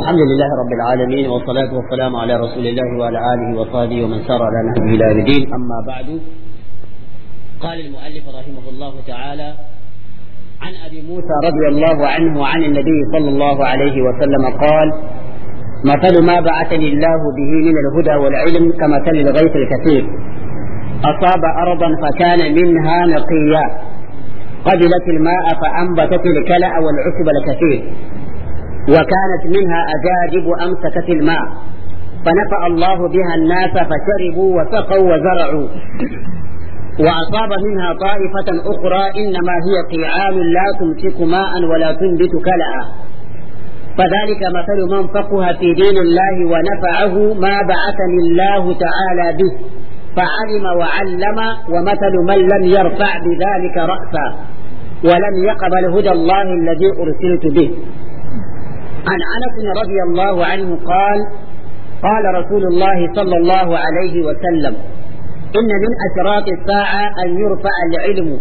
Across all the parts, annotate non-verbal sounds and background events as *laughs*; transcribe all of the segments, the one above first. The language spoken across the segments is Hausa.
الحمد لله رب العالمين والصلاة والسلام على رسول الله وعلى آله وصحبه ومن سار على نهجه إلى الدين أما بعد قال المؤلف رحمه الله تعالى عن أبي موسى رضي الله عنه عن النبي صلى الله عليه وسلم قال مثل ما بعثني الله به من الهدى والعلم كمثل الغيث الكثير أصاب أرضا فكان منها نقيا قبلت الماء فأنبتت الكلأ والعشب الكثير وكانت منها أجاجب أمسكت الماء فنفع الله بها الناس فشربوا وسقوا وزرعوا وأصاب منها طائفة أخرى إنما هي قيعان لا تمسك ماء ولا تنبت كلأ فذلك مثل من فقه في دين الله ونفعه ما بعثني الله تعالى به فعلم وعلم ومثل من لم يرفع بذلك رأسا ولم يقبل هدى الله الذي أرسلت به عن انس رضي الله عنه قال قال رسول الله صلى الله عليه وسلم ان من اشراط الساعه ان يرفع العلم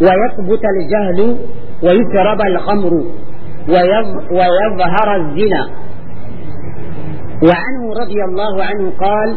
ويثبت الجهل ويشرب الخمر ويظهر الزنا وعنه رضي الله عنه قال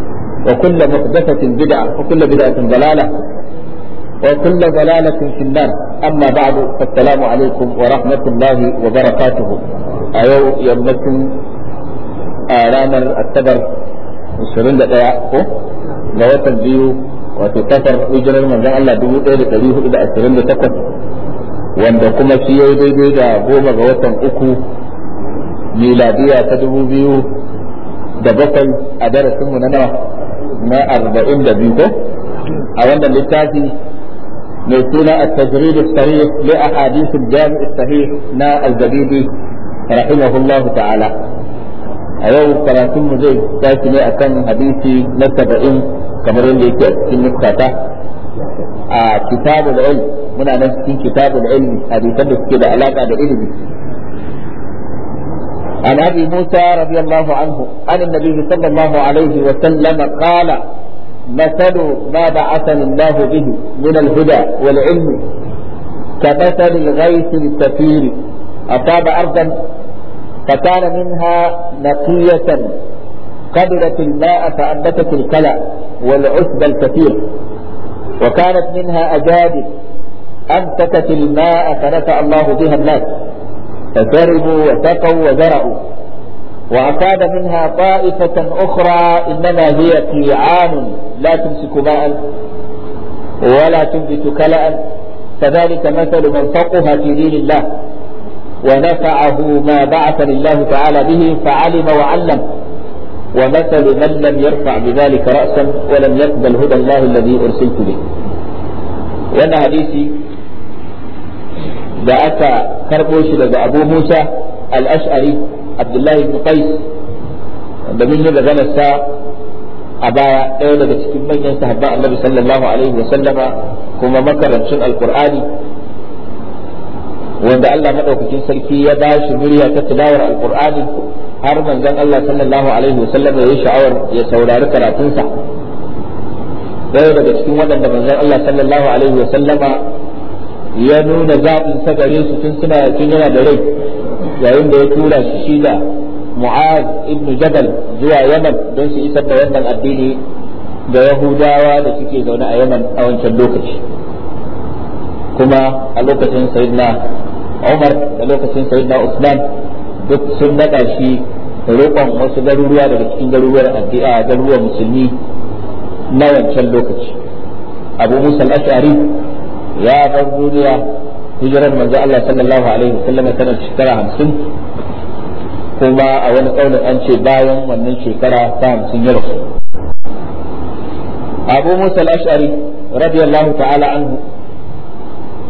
وكل محدثة بدعة وكل بدعة ضلالة وكل ضلالة في النار أما بعد فالسلام عليكم ورحمة الله وبركاته أيو يمتن آلام التبر الشرين دقيقة لو تنبيه وتكسر وجر من جعل الله دمو إلى تليه إلى الشرين دقيقة wanda kuma shi ya daidai da goma ga watan uku miladiya ta dubu biyu da bakwai a darasinmu na nawa na arba'in da biyu ko a wannan littafi mai suna a tajrid as ne li ahadith al-jami' sahih na al-zabidi rahimahullahu ta'ala a yau karatun mu zai tashi ne a kan hadisi na saba'in kamar yadda yake a cikin nukata a kitabul ilm muna nan cikin kitabul ilm hadisan da suke da alaka da ilimi عن أبي موسى رضي الله عنه عن النبي صلى الله عليه وسلم قال مثل ما بعثني الله به من الهدى والعلم كمثل الغيث الكثير أصاب أرضا فكان منها نقية قبلت الماء فأنبتت الكلى والعشب الكثير وكانت منها أجادب أنبتت الماء فنفع الله بها الناس فشربوا وسقوا وزرعوا وأصاب منها طائفة أخرى إنما هي قيعان لا تمسك ماء ولا تنبت كلأ فذلك مثل من فقه في دين الله ونفعه ما بعث لله تعالى به فعلم وعلم ومثل من لم يرفع بذلك رأسا ولم يقبل هدى الله الذي أرسلت به وأن حديثي da aka karɓo shi daga abu musa al-ash'ari abdullahi ibn qais da mun yi maganarsa a baya ɗaya daga cikin manyan sahabba annabi sallallahu alaihi wa sallama kuma makarantun alqur'ani wanda Allah madaukakin sarki ya ba shi murya ta tilawar alqur'ani har manzon Allah sallallahu alaihi wa sallama ya sha'awar ya saurari karatunsa ɗaya daga cikin waɗanda manzon Allah sallallahu alaihi wa sallama ya nuna zaɓin sa gare su tun suna tun yana da rai yayin da ya tura shi shi da Mu'az ibn Jabal zuwa Yaman don su isar da wannan addini ga Yahudawa da suke zaune a Yaman a wancan lokaci kuma a lokacin sayidna Umar da lokacin Sayyidina Usman duk sun naɗa shi roƙon wasu garuruwa daga cikin garuruwar addi'a garuruwar musulmi na wancan lokaci abu musa ashari ya bar duniya hijirar manzo Allah sallallahu alaihi wasallam tana shekara hamsin kuma a wani kaunin an ce bayan wannan shekara ta hamsin ya rasu abu musa al-ash'ari radiyallahu ta'ala anhu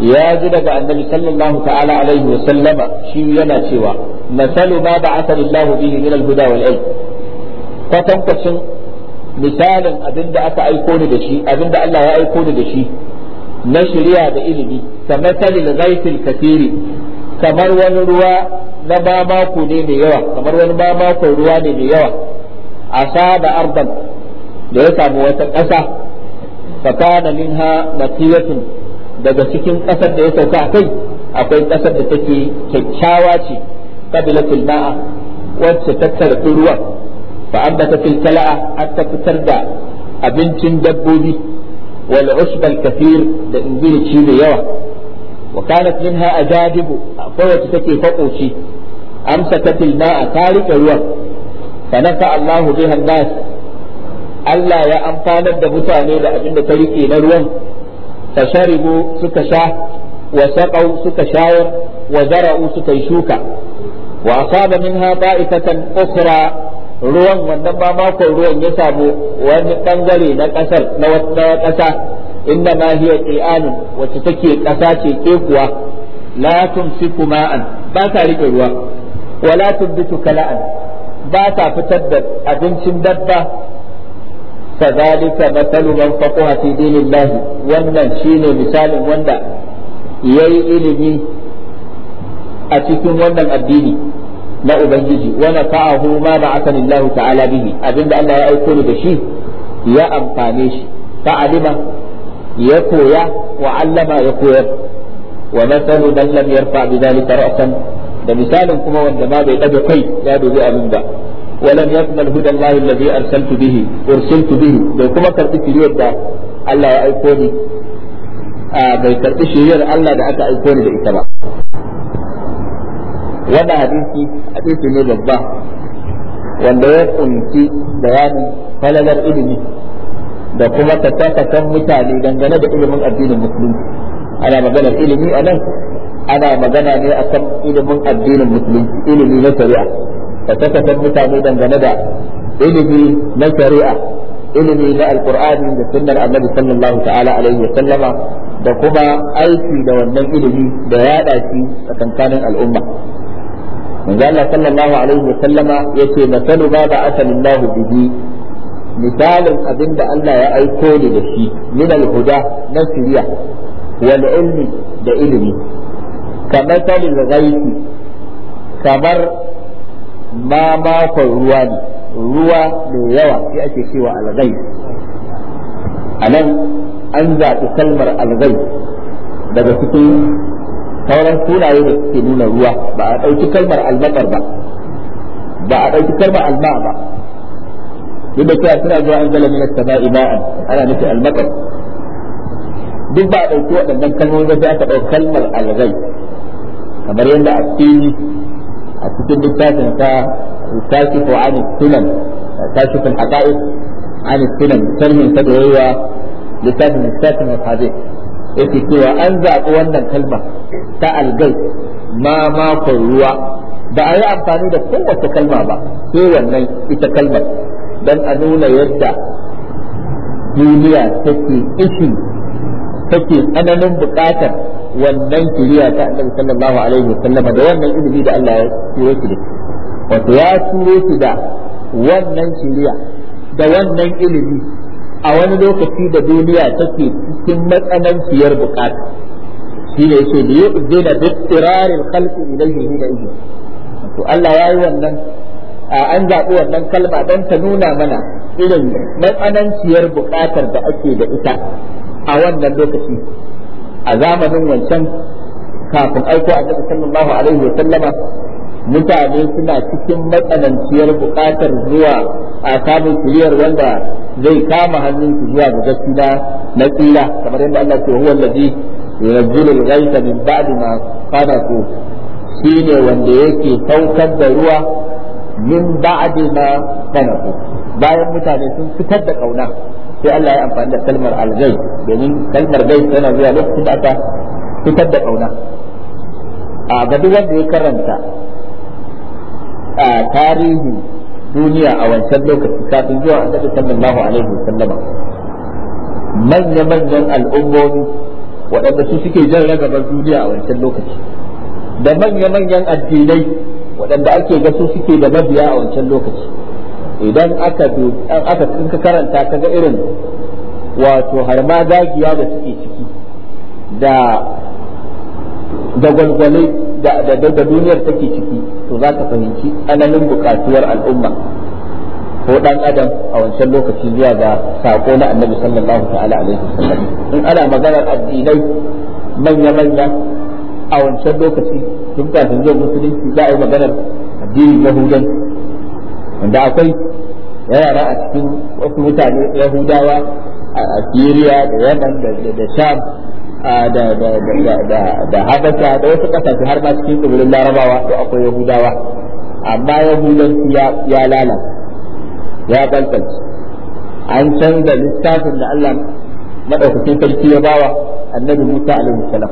ya ji daga annabi sallallahu ta'ala alaihi wa sallama shi yana cewa masalu ma ba'atha Allah bihi min al-huda wal ilm kwatankwacin misalin abinda aka aiko ni da shi abinda Allah ya aiko ni da shi na shirya da ilimi kamar da ghaifil kafiri kamar wani ruwa na mamako ne mai yawa kamar wani mamako ruwa ne mai yawa asa da arban da ya samu wata ƙasa fakana minha naqiyatun daga cikin ƙasar da ya sauka a kai akwai ƙasar da take kyakkyawa ce kabila ma'a wacce tattara ruwan fa ta fil kala'a hatta fitar da abincin dabbobi wal ushb al kathir da ingilici da yawa wa kanat minha ajadibu akwai wacce take fakoci amsakat al ma'a tarika ruwa fa nafa Allah biha nas Allah ya amfanar da mutane da abin da ta rike na ruwan fa sharibu suka sha wa suka shayar wa zara'u suka yi shuka wa asaba minha ta'ifatan ukhra ruwan wannan ba makon ruwan ya samu wani bangare na kasar na wata kasa inda ma hiya qi'anun wacce take kasa ce ke kuwa la tumsiku ma'an ba ta rike ruwa wala tubitu kala'an ba ta fitar da abincin dabba kadhalika mathalu man faqaha fi dinillahi wannan shine misalin wanda yayi ilimi a cikin wannan addini na ubangiji wani nafa'ahu ma ba'athani Allah ta'ala bihi abinda Allah ya aiko ni da shi ya amfane shi fa'alima ya koya wa allama ya koyar wa masalu man lam yarfa bidhalika ra'san da misalin kuma wanda ma bai daga kai ya dubi abin ba ولم يقبل هدى الله الذي ارسلت به ارسلت bihi kuma karbi shiriyar da Allah ya aiko ni bai karbi shiriyar Allah da aka aiko ni da ita ba wannan hadisi hadisi ne babba wanda ya kunci bayanin falalar ilimi da kuma tattakasan mutane dangane da ilimin addinin musulunci ana maganar ilimi a nan ana magana ne a kan ilimin addinin musulunci ilimi na shari'a tattakasan mutane dangane da ilimi na shari'a ilimi na alkur'ani da sunnar annabi sallallahu ta'ala alaihi wa sallama da kuma aiki da wannan ilimi da yada shi a tsakanin al'umma manzo Allah sallallahu alaihi wa sallama yace masalu ba asalin asalillahu bihi misalin abin da Allah ya aiko ni da shi min al-huda na siriya wal ilmi da ilimi kamar salil ghaibi kamar ma makon ruwa ne ruwa mai yawa shi ake cewa al anan an zaɓi kalmar al daga cikin sauran sunaye da suke nuna ruwa ba a ɗauki kalmar almatar ba ba a ɗauki kalmar alma ba duk da cewa suna zuwa an zala mina sama samai ana nufin almatar duk ba a ɗauki waɗannan kalmomi ba sai aka ɗauki kalmar alghai kamar yadda a cikin a cikin littafin ta kashifu an sunan kashifin haqa'iq an sunan sarmin ta da yawa littafin littafin hadith yake cewa an zaɓi wannan kalma ta algai ma makon ruwa ba a yi amfani da kowace kalma ba sai wannan ita kalmar don a nuna yadda duniya take ishi take tsananin buƙatar wannan kiriya ta annabi sallallahu alaihi wa sallam da wannan ilimi da Allah ya turo shi da wato ya turo shi da wannan kiriya da wannan ilimi a wani lokaci da duniya take cikin matsananciyar bukata shi ne yake da duk bi tirarin khalqi ne da idhi to Allah ya yi wannan an zaɓi wannan kalma don ta nuna mana irin matsananciyar bukatar da ake da ita a wannan lokaci a zamanin wancan kafin aiko annabi sallallahu alaihi wa sallama mutane suna cikin matsananciyar buƙatar zuwa a samun kuliyar wanda zai kama hannunsu zuwa ga gaskiya na tsira kamar yadda Allah ce huwa allazi yunzilul ghaitha min ba'di ma qanatu shine wanda yake saukar da ruwa min ba'di ma qanatu bayan mutane sun fitar da kauna sai Allah ya amfani da kalmar algai domin kalmar gai tana zuwa lokacin da aka fitar da kauna a ga duk wanda ya karanta a tarihi duniya a wancan lokaci kafin zuwa annabi sallallahu alaihi wasallama manya-manyan al'ummomi waɗanda su suke jan ragabar duniya a wancan lokaci da manya-manyan addinai waɗanda ake ga su suke da mabiya a wancan lokaci idan aka aka ka karanta ka ga irin wato har dagiya da suke ciki da da gwalgwalai da duniyar take ciki to za ka fahimci tsananin bukatuwar al'umma ko dan adam a wancan lokaci zuwa ga sako na annabi sallallahu ta'ala alaihi wasallam in ana maganar addinai manya-manya a wancan lokaci tun kafin zuwa musulunci za a yi maganar addinin yahudan wanda akwai yara a cikin wasu mutane yahudawa a syria da yaman da sham da da da wasu kasashe har ma cikin tsibirin larabawa to akwai yahudawa amma yahudanci ya lalata ya tsantsance an canza littafin da Allah maɗaukacin sarki ya bawa annabi Musa alaihi salam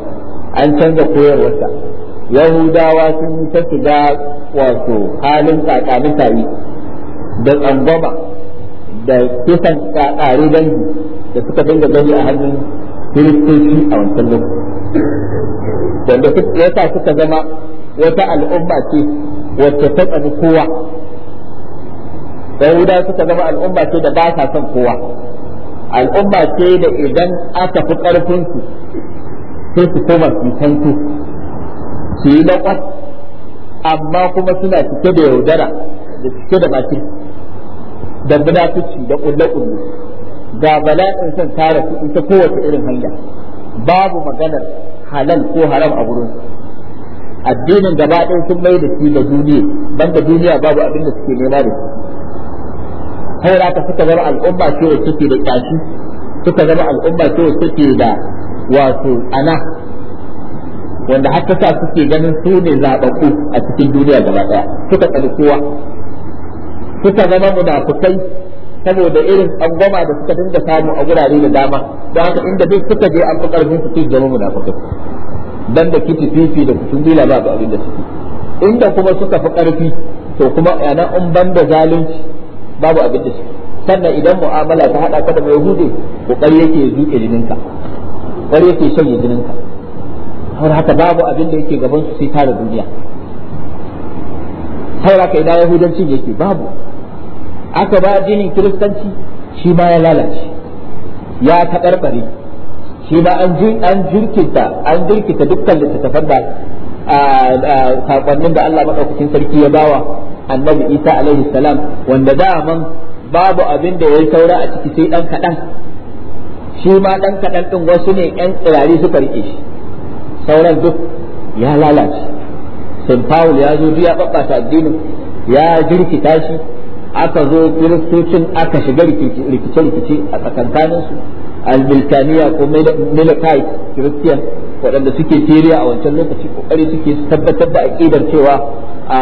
an canza koyarwarsa yahudawa sun yi ta shiga wato halin kaka mutane da tsangwama da kisan kakare dangi da suka dinga gani a hannun kiristoci a wancan lokaci wanda yasa suka zama wata al'umma ce wacce ta tsani kowa yahuda suka zama al'umma ce da ba sa son kowa al'umma ce da idan aka fi ƙarfinsu sai su koma su su yi laƙwas amma kuma suna cike da yaudara da cike da makin da munafici da ƙulle-ƙulle ga bala'in son tara kuɗi ta kowace irin hanya babu maganar halal ko haram a gurin addinin gaba ɗaya sun mai da shi da duniya banda duniya babu abin da suke nema da shi haura ta suka zama al'umma ce wa suke da ƙyashi suka zama al'umma ce wa suke da wato ana wanda har ta suke ganin su ne zaɓaɓɓu a cikin duniya gaba ɗaya suka tsani kowa suka zama munafukai saboda irin angoma da suka dinga samu a gurare da dama don haka inda duk suka je an fi karfin su su zama munafikai dan da kiti fifi da kutun dila ba ba abin da suke inda kuma suka fi karfi to kuma yana an banda zalunci babu abin da suke sannan idan mu'amala ta hada ka da mai hude kokari yake zuke jininka kokari yake shanye jininka har haka babu abin da yake gaban su sai tare duniya har kai idan yahudancin yake babu aka ba dinin kiristanci shi ma ya lalace ya taɓarɓare shi ma an jirkita an jirkita dukkan littattafan a sakonnin da Allah maɗaukakin sarki ya bawa annabi Isa alaihi salam wanda daman babu abin da yayi saura a ciki sai dan kaɗan shi ma dan kaɗan ɗin wasu ne yan tsirari suka rike shi sauran duk ya lalace St. Paul ya zo ya babbata addinin ya jirkita shi aka zo kiristocin aka shiga rikice-rikice a tsakankaninsu albilkaniya ko milikai kiristiyan waɗanda suke siriya a wancan lokaci kokari suke tabbatar da aƙidar cewa a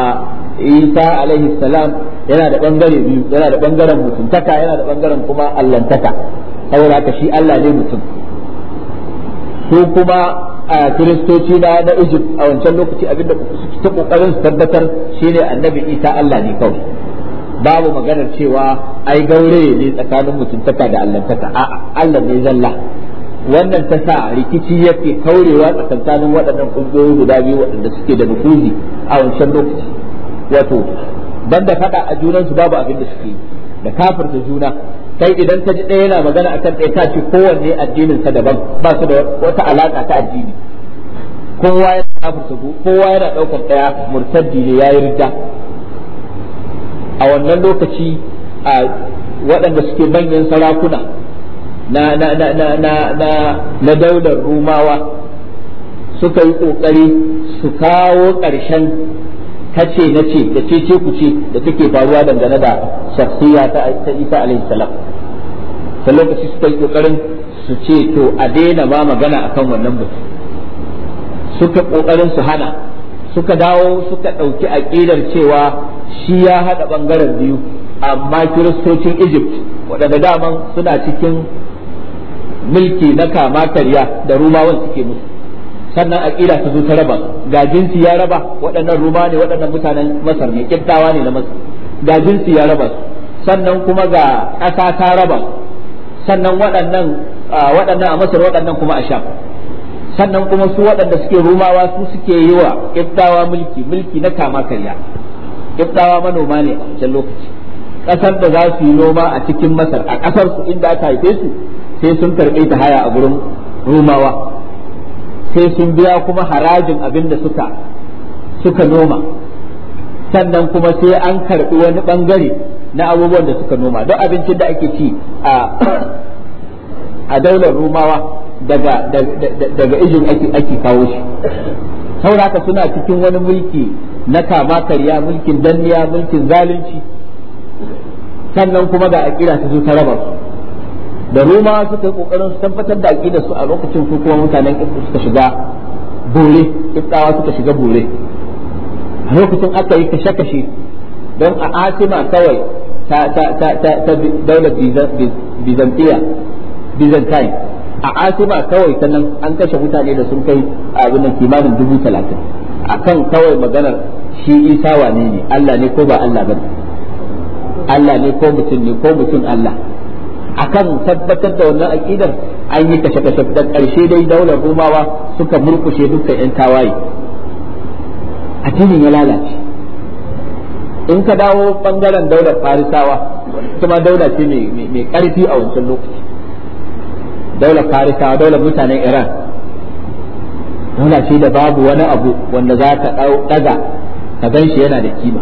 isa alaihi salam yana da ɓangare biyu yana da ɓangaren mutuntaka yana da ɓangaren kuma allantaka saboda haka shi allah ne mutum ko kuma a kiristoci na na egypt a wancan lokaci abinda suke ta kokarin su tabbatar shine annabi isa allah ne kawai babu maganar cewa ai gaure ne tsakanin mutuntaka da allantaka a Allah ne zalla wannan ta sa rikici yake kaurewa tsakanin waɗannan ƙungiyoyi guda biyu waɗanda suke da nufuzi a wancan lokaci wato da faɗa a junansu babu abin da suke da kafirta juna kai idan ta ji ɗaya yana magana akan ɗaya ta ce kowanne addinin sa daban ba su da wata alaƙa ta addini kowa yana kowa yana ɗaukar ɗaya murtaddi ne yayi rijja. a wannan lokaci a waɗanda suke manyan sarakuna na na na na na na, na daular rumawa suka yi ƙoƙari su kawo ƙarshen kace na ce da cece ku ce da take faruwa dangane da shakhsiya ta isa alaihi salam lokaci suka yi ƙoƙarin su ce to a daina ba magana akan wannan mutum suka ƙoƙarin su hana suka dawo suka ɗauki aƙidar cewa shi ya haɗa ɓangaren biyu amma kiristocin egypt waɗanda daman suna cikin mulki na kama karya da rumawan suke musu sannan aƙida ta zo ta raba ga jinsi ya raba waɗannan ruma ne waɗannan mutanen masar ne ƙiddawa ne na masar ga jinsi ya raba sannan kuma ga ƙasa ta raba sannan waɗannan waɗannan a masar waɗannan kuma a sham sannan kuma su waɗanda suke rumawa su suke yi wa kiftawa mulki mulki na kama karya kiftawa manoma ne a wancan lokaci ƙasar da za su yi noma a cikin masar a ƙasar su inda aka haife su sai sun karɓe ta haya a gurin rumawa sai sun biya kuma harajin abin da suka suka noma sannan kuma sai an karɓi wani ɓangare na abubuwan da suka noma don abincin da ake ci a daular rumawa daga daga ijin ake kawo shi sauraka suna cikin wani mulki na kama karya mulkin danniya mulkin zalunci sannan kuma ga akida ta zo ta raba su da roma suka yi kokarin su tabbatar da akida su a lokacin su kuma mutanen kifta suka shiga bore kiftawa suka shiga bore a lokacin aka yi kashe-kashe don a atima kawai ta daular bizantiya byzantine a asima kawai sannan an kashe mutane da sun kai abin da kimanin dubu talatin a kan kawai maganar shi isa wane ne Allah ne ko ba Allah ba Allah ne ko mutum ne ko mutum Allah a kan tabbatar da wannan aƙidar an yi kashe kashe da ƙarshe dai daular rumawa suka murkushe dukkan yan tawaye addinin ya lalace in ka dawo bangaren daular farisawa kuma daula ce mai ƙarfi a wancan lokaci daular farisa daular mutanen iran nuna shi da babu wani abu wanda za ka daga ka gan shi yana da kima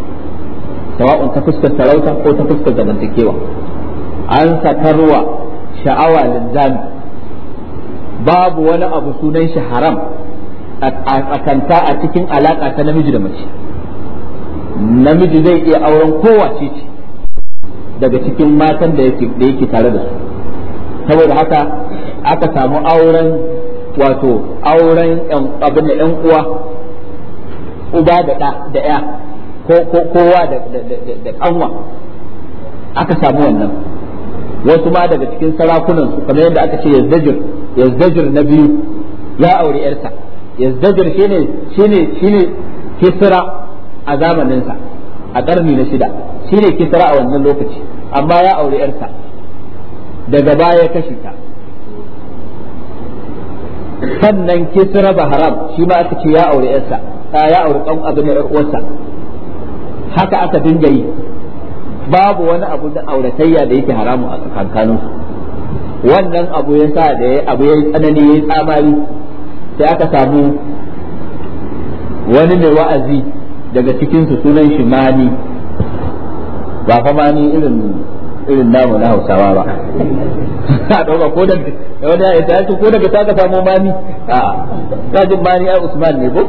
sawa'un ta fuskar sarauta ko ta fuskar zamantakewa an sakarwa sha'awa linzami babu wani abu sunan shi haram a tsakanta a cikin alaƙa ta namiji da mace namiji zai iya auren kowace ce daga cikin matan da yake tare da su saboda haka aka samu auren wato auren abin da yan uwa uba da ɗa da ya ko kowa da kanwa aka samu wannan wasu ma daga cikin sarakunan su kamar yadda aka ce yazdajir yazdajir na biyu ya aure yarsa yazdajir shine shine shine kisra a zamaninsa a ƙarni na shida shine kisra a wannan lokaci amma ya aure yarsa daga baya kashe ta sannan kisra haram shi ma aka ce ya aure yarsa ya aure kan abin yar uwarsa haka aka dinga yi babu wani abu da auratayya da yake haramu a tsakankanin wannan abu ya sa da abu ya tsanani ya yi tsamari sai aka samu wani mai wa'azi daga cikinsu sunan shi mani ba fa mani irin irin namu na hausawa ba a ɗauka ko da wani ya isa ko daga ta ka samo mani a kajin mani ai usman ne ko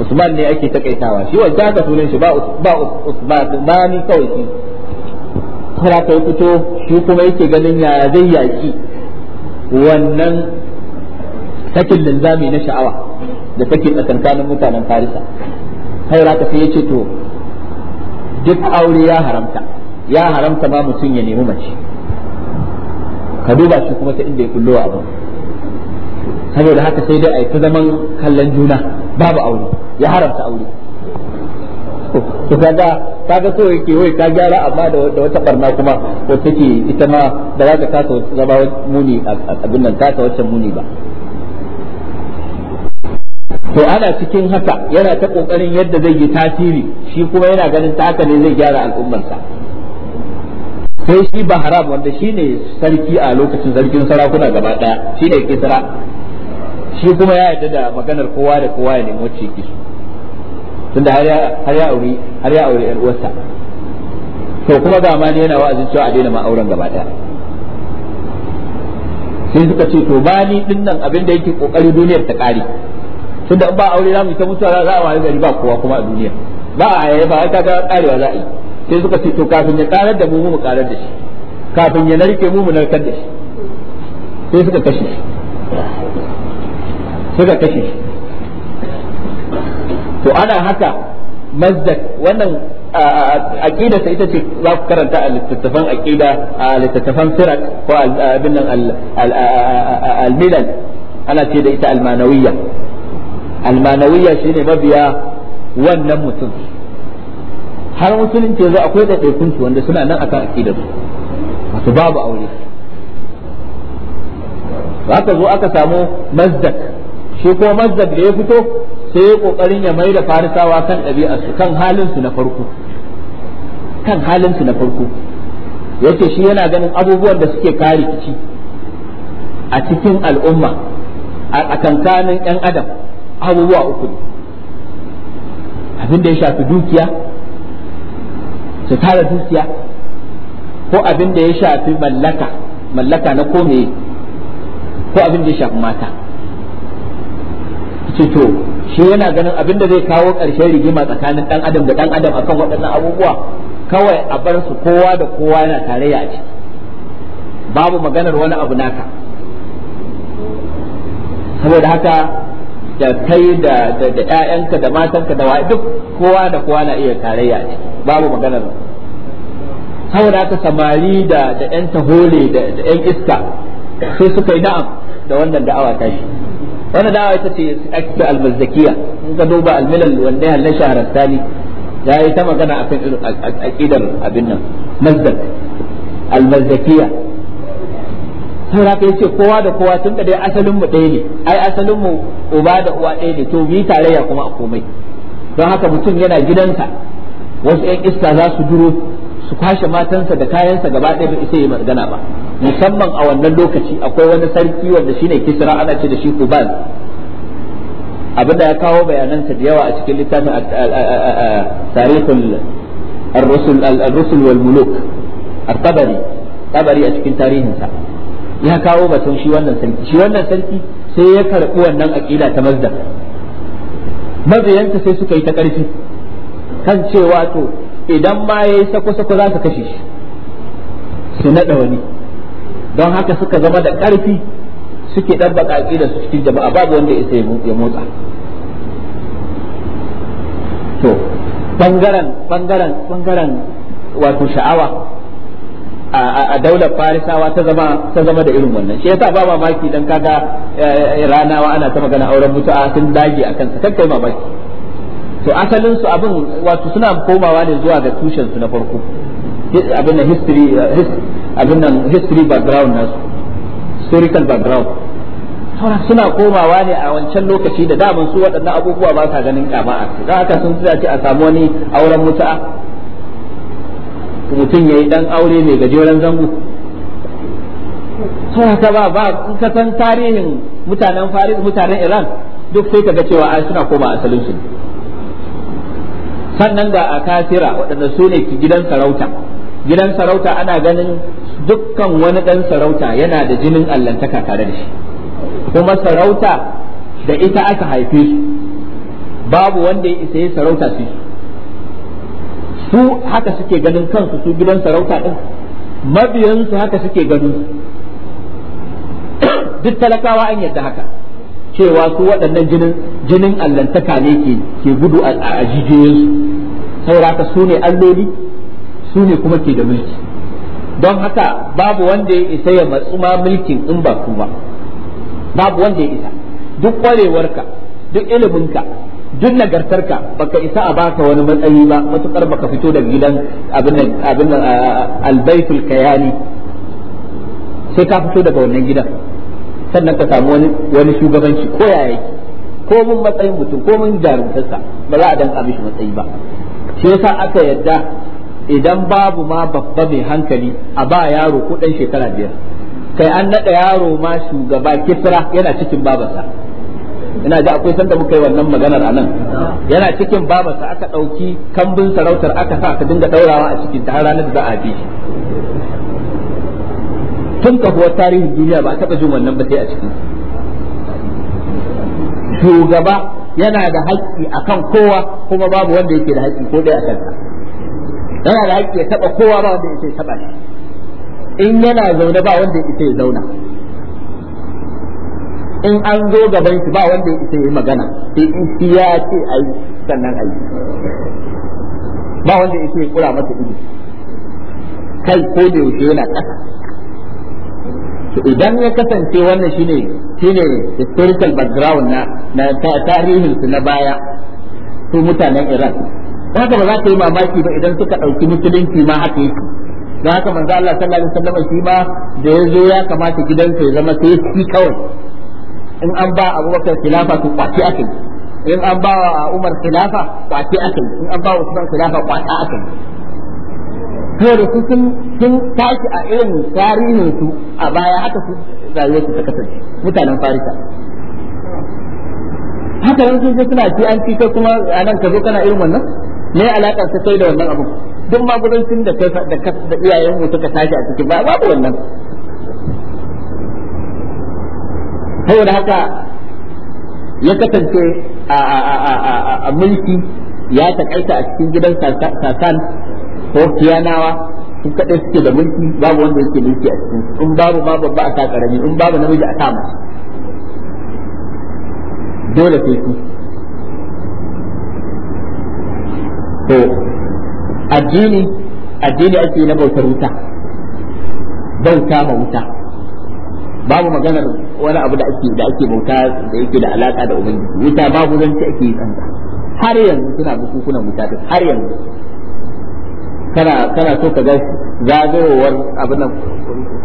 usman ne ake takaitawa shi wanda ka sunan shi ba usman mani kawai shi kara ka fito shi kuma yake ganin ya zai yaki wannan sakin linzami na sha'awa da sakin na tsakanin mutanen farisa haura ka sai ce to duk aure ya haramta ya haramta ma mutum ya nemi mace ka duba shi kuma ta inda ya kullo abu saboda haka sai dai a yi ta zaman kallon juna babu aure ya haramta aure to kaga kaga so yake wai ka gyara amma da wata barna kuma ko take ita ma da za ta kasa zama muni a abin nan kasa wacce muni ba to ana cikin haka yana ta kokarin yadda zai yi tasiri shi kuma yana ganin ta haka ne zai gyara al'ummarsa sai shi ba haram wanda shine sarki a lokacin sarkin sarakuna gaba daya shine kisra shi kuma ya yarda da maganar kowa da kowa ya nemo ciki tunda har ya aure har ya aure uwarsa to kuma ga ma ne yana wa'azin cewa a daina ma auren gaba daya sai suka ce to ba ni din nan abin da yake kokari duniyar ta kare tunda in ba aure za mu ta mutuwa za a wani gari ba kowa kuma a duniya ba a yaya ba ta ga karewa za a yi sai suka ce to kafin ya karar da mu mu karar da shi kafin ya narke mu mu narkar da shi sai suka kashe shi suka kashe shi to ana haka mazdak wannan aqida ta ita ce za ku karanta a littattafan aqida a littattafan sirat ko abin nan al-milal ana ce da ita almanawiyya almanawiyya shine mabiya wannan mutum har musulunci yanzu akwai ɗaiɗaikun su wanda suna nan akan aqidar su wato babu aure ba aka zo aka samu mazdak shi ko mazdak da ya fito sai ya ƙoƙarin ya mai da farisawa kan ɗabi'arsu kan halinsu na farko kan halinsu na farko yace shi yana ganin abubuwan da suke kare rikici a cikin al'umma a kankanin 'yan adam abubuwa uku abin da ya shafi dukiya su tara dukiya ko abin da ya shafi mallaka mallaka na kome ko abin da ya shafi mata ce to shi yana ganin abin da zai kawo ƙarshen rigima tsakanin dan adam da dan adam akan waɗannan abubuwa kawai a bar su kowa da kowa yana tarayya a ciki babu maganar wani abu naka saboda haka da kai da da ƴaƴanka da matanka da waye duk kowa da kowa na iya tarayya ne babu maganar saboda haka samari da da ƴan tahole da da ƴan iska sai suka yi na'am da wannan da'awa ta shi wannan da'awa ita ce akta almazdakiya in ka duba almilal wanda ya halle shaharartani ya yi ta magana akan irin aqidar abin nan mazdak almazdakiya saboda ka yace kowa da kowa tun da dai asalin mu ɗaya ne ai asalin mu uba da uwa ɗaya ne to mu yi tarayya kuma a komai don haka mutum yana gidansa wasu ƴan iska za su duro su kwashe matansa da kayansa gaba ɗaya ba isa yi magana ba musamman a wannan lokaci akwai wani sarki wanda shine kisra ana ce da shi kuban abin da ya kawo bayanansa da yawa a cikin littafin tarihul الرسل الرسل والملوك الطبري طبري a cikin tarihinsa ya kawo batun shi wannan sarki shi wannan sarki sai ya karɓi wannan aƙida ta mazda mazayanta sai suka yi ta ƙarfi kan cewa to idan ma ya yi sako-sako za su kashe shi su naɗa wani don haka suka zama da ƙarfi suke ɗabbaka aƙida su cikin jama'a babu wanda ya sai ya motsa to bangaren bangaren bangaren wato sha'awa a daular farisawa ta zama ta zama da irin wannan shi yasa ba mamaki dan kaga eh, eh, ranawa ana ta magana auren mutu'a sun dage akan sa kai mamaki to asalin su abin wato suna komawa ne zuwa ga tushen su na farko abin nan history eh, abin nan history background nasu historical background suna komawa ne a wancan lokaci da daman su waɗannan abubuwa ba sa ganin kama a su haka sun ce a samu wani auren mutu'a mutum ya yi ɗan aure mai gajeren zango su haka ba ba ka san tarihin mutanen Faris mutanen Iran duk sai ka ga cewa ai suna koma asalin su sannan da a kasira waɗanda su ne gidan sarauta gidan sarauta ana ganin dukkan wani ɗan sarauta yana da jinin allantaka tare da shi kuma sarauta da ita aka haife su babu wanda ya isa sarauta su su haka suke ganin kansu su gidan sarauta din mabiyansu haka suke ganin duk talakawa an yadda haka cewa su waɗannan jinin jinin allantaka ne ke gudu a jijiyoyinsu saboda haka su ne alloli su ne kuma ke da mulki don haka babu wanda ya isa ya matsu mulkin in ba ku ba babu wanda ya isa duk kwarewarka duk iliminka duk nagartarka baka isa a baka wani matsayi ba matukar baka fito da gidan abin abin albaitul kayani sai ka fito daga wannan gidan sannan ka samu wani wani shugabanci ko yaya ko mun matsayin mutum ko mun jarumtarsa ba za a danka mishi matsayi ba shi yasa aka yadda idan babu ma babba mai hankali a ba yaro ko dan shekara biyar kai an naɗa yaro ma shugaba kisra yana cikin babarsa ina ji akwai sanda muka yi wannan maganar anan yana cikin sa aka ɗauki kambun sarautar aka sa ka dinga ɗaurawa a cikin ta ranar da za a bi tun kafuwar tarihin duniya ba a taɓa jin wannan ba sai a cikin shugaba yana da haƙƙi akan kowa kuma babu wanda yake da haƙƙi ko dai a kanta yana da haƙƙi ya taɓa kowa ba wanda yake taɓa shi in yana zaune ba wanda yake ya zauna in an zo gaban shi ba wanda ya yi magana sai in shi ya ce ai sannan ai ba wanda ya ce kura masa ido kai ko da yaushe yana ƙasa idan ya kasance wannan shine shine historical background na na tarihin su na baya to mutanen Iran haka ba za ka yi mamaki ba idan suka ɗauki musulunci ma haka yake don haka manzo Allah sallallahu alaihi wasallam shi ma da ya zo ya kamata gidansa ya zama sai shi kawai in an ba abubakar khilafa to kwace aka in an ba umar khilafa kwace ake. in an ba usman khilafa kwata aka to da su sun tashi a irin tarihin su a baya haka su rayuwar su ta mutanen farisa haka nan sun je suna ci an ci kuma a nan ka zo kana irin wannan me alaƙar ta kai da wannan abu duk magudancin da da iyayen mu suka tashi a cikin ba babu wannan saboda haka ya kasance a mulki ya takaita a cikin gidan sasan ko kiyanawa sun kaɗai suke da mulki babu wanda yake mulki a cikin in babu babu ba a sa karami in babu namiji a sa dole sai su to addini addini ake na bautar wuta bauta ma wuta babu maganar wani abu da ake da ake bauta da yake da alaka da ubangiji wuta babu ci ake yi tsanta har yanzu suna bukukunan wuta din har yanzu kana kana so ka ga zagayowar abinan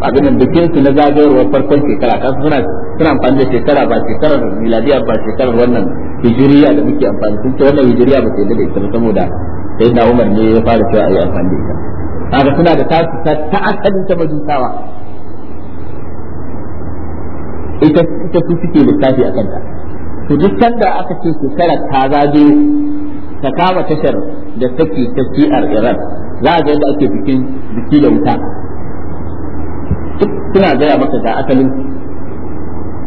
abinan bikin su na zagayowar farkon shekara kan suna suna amfani da shekara ba shekarar miladiya ba shekarar wannan hijiriya da muke amfani sun ce wannan hijiriya ba sai da ita saboda sai da Umar ne ya fara cewa ayi amfani da ita kaga suna da tasu ta asalin ta majusawa ita ita su suke lissafi a kanta to duk sanda aka ce su shekarar ta zage ta kama tashar da take tafiyar Iran za a ga yadda ake bikin biki da wuta duk suna gaya maka ga asalin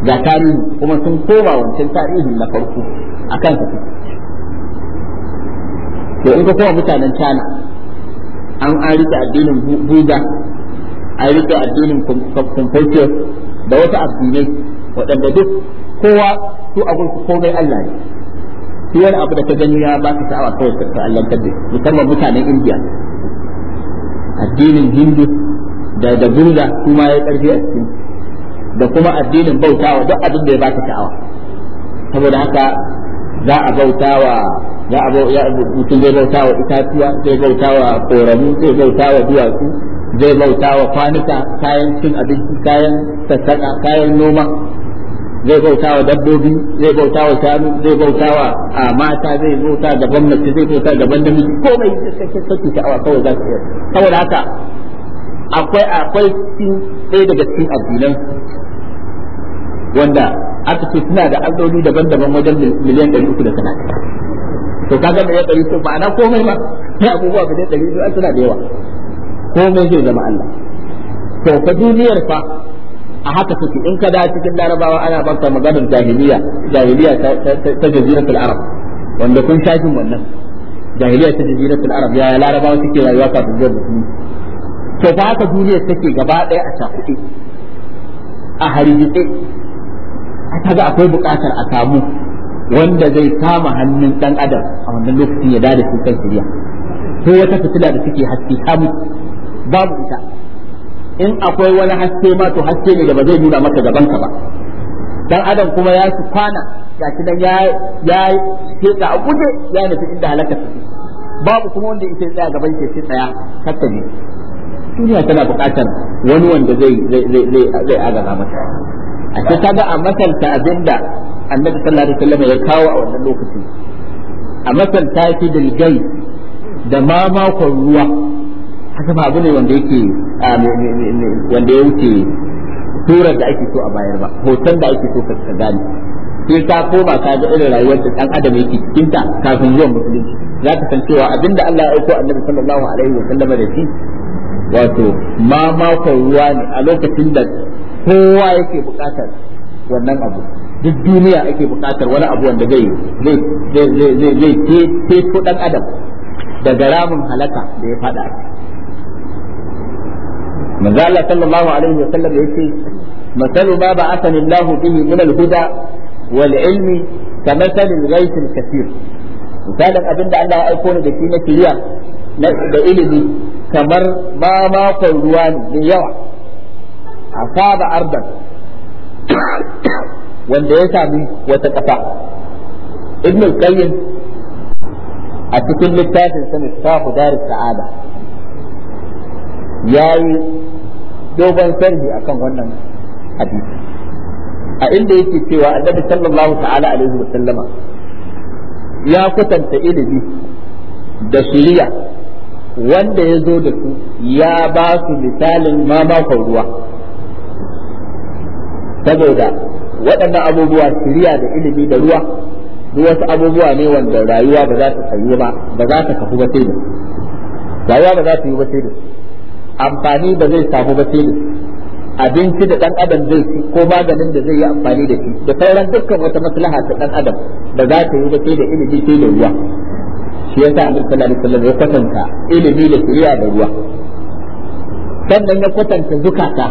ga tarihi kuma sun koma wancan tarihi na farko a kan su to in ka koma mutanen Tana an an rike addinin Buddha an rike addinin Confucius da wasu addinai waɗanda duk kowa su a gurku komai Allah ne shi wani abu da ka gani ya ba ka sha'awa kawai ka Allah ka musamman mutanen Indiya addinin Hindu da da Buddha kuma ya karfi a cikin da kuma addinin bautawa duk abin da ya ba ka sha'awa saboda haka za a bautawa za a mutum bautawa itatuwa zai bautawa koramu zai bautawa duwatsu zai bauta wa kwanuka kayan cin abinci kayan sassaƙa kayan noma zai bauta wa dabbobi zai bauta wa shanu zai bauta wa mata zai bauta da gwamnati zai bauta da ban namiji komai kake kake awa kawai za su yi saboda haka akwai akwai cikin ɗaya daga cikin addinan wanda aka ce suna da alloli daban-daban wajen miliyan ɗari uku da talatin to kaga miliyan ɗari uku ba na komai ba sai abubuwa miliyan ɗari biyu suna da yawa komai zai zama Allah to fa duniyar fa a haka take in ka da cikin larabawa ana baka maganar jahiliya jahiliya ta jaziratul arab wanda kun shafin wannan jahiliya ta jaziratul arab ya larabawa suke rayuwa kafin zuwa musulmi to fa haka duniyar take gaba ɗaya a shafuɗe a harjiɗe ta ga akwai buƙatar a samu wanda zai kama hannun ɗan adam a wannan lokacin ya dada shi kan shirya ko wata fitila da suke haske ta babu ita in akwai wani haske ma to haske ne da ba zai nuna maka gabanka ba dan adam kuma ya su kwana gashi nan ya ya fita a guje ya nufi inda halaka take babu kuma wanda yake tsaya gaban ke shi tsaya haka ne duniya tana buƙatar wani wanda zai zai zai zai agaza mata a ce kaga a masalta abinda annabi sallallahu alaihi wasallam ya kawo a wannan lokaci a masalta shi dilgai da mamakon ruwa haka ba abu ne wanda yake wanda ya wuce surar da ake so a bayar ba hoton da ake so ka gani sai ka koma ka ga irin rayuwar da dan adam yake cikin ta kafin zuwan musulunci za ka san cewa abinda Allah ya aiko Annabi sallallahu alaihi wa sallama da shi wato ma ma ruwa ne a lokacin da kowa yake buƙatar wannan abu duk duniya ake bukatar wani abu wanda zai zai zai zai zai ce dan adam daga ramin halaka da ya fada manzo Allah sallallahu alaihi wa sallam yace masalu ma ba'athani Allah bihi min al-huda wal ilmi kamathali al-ghayth al-kathir misalin abinda Allah ya aiko ni da shi na kiriya da ilimi kamar ma makon ruwa ne yawa asaba ardan wanda ya sami wata ƙasa ibn qayyim a cikin littafin sa miftahu darus sa'ada ya yi dogon sarhi kan wannan hadisi a inda yake cewa annabi sallallahu ta'ala alaihi wa sallama ya kwatanta ilimi da shiriya wanda ya zo da su ya ba su misalin mamakon ruwa saboda waɗannan abubuwa shiriya da ilimi da ruwa duk wasu abubuwa ne wanda rayuwa ba za ta kafu da rayuwa za ta yi ba sai da su amfani ba zai samu ba sai abinci da dan adam zai ci ko maganin da zai yi amfani da shi da sauran dukkan wata maslaha ta dan adam da za ta yi ba sai da ilimi sai da ruwa shi yasa annabi sallallahu alaihi wasallam ya kwatanta ilimi da shari'a da ruwa sannan ya kwatanta zukata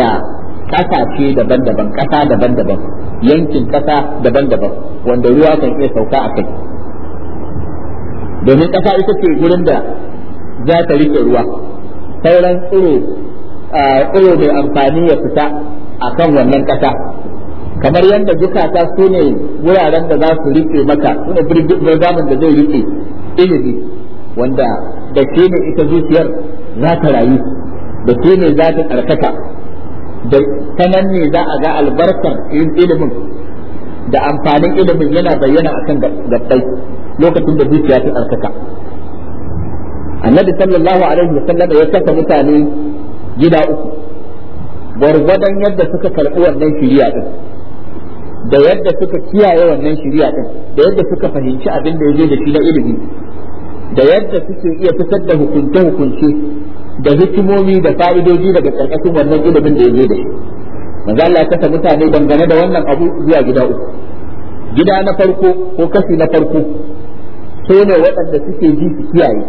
da kasashe daban-daban kasa daban-daban yankin kasa daban-daban wanda ruwa kan iya sauka a kai domin kasa ita ce gurin da za ta rike ruwa sauran tsiro tsiro mai amfani ya fita a kan wannan ƙasa kamar yadda zukata su ne wuraren da za su rike maka su birgamin da zai rike ilimi wanda da shi ne ita zuciyar za ta rayu da shi ne za ta tsarkaka da ta ne za a ga albarkar ilimin da amfanin ilimin yana bayyana a kan gabbai lokacin da zuciya ta tsarkaka annabi sallallahu alaihi wasallam ya saka mutane gida uku gwargwadon yadda suka karɓi wannan shiriya din da yadda suka kiyaye wannan shiriya din da yadda suka fahimci abin da ya da shi na ilimi da yadda suke iya fitar da hukunce hukunce da hikimomi da fa'idoji daga karkashin wannan ilimin da ya zo da shi manzo Allah ya kasa mutane dangane da wannan abu zuwa gida uku gida na farko ko kashi na farko sai ne waɗanda suke ji su kiyaye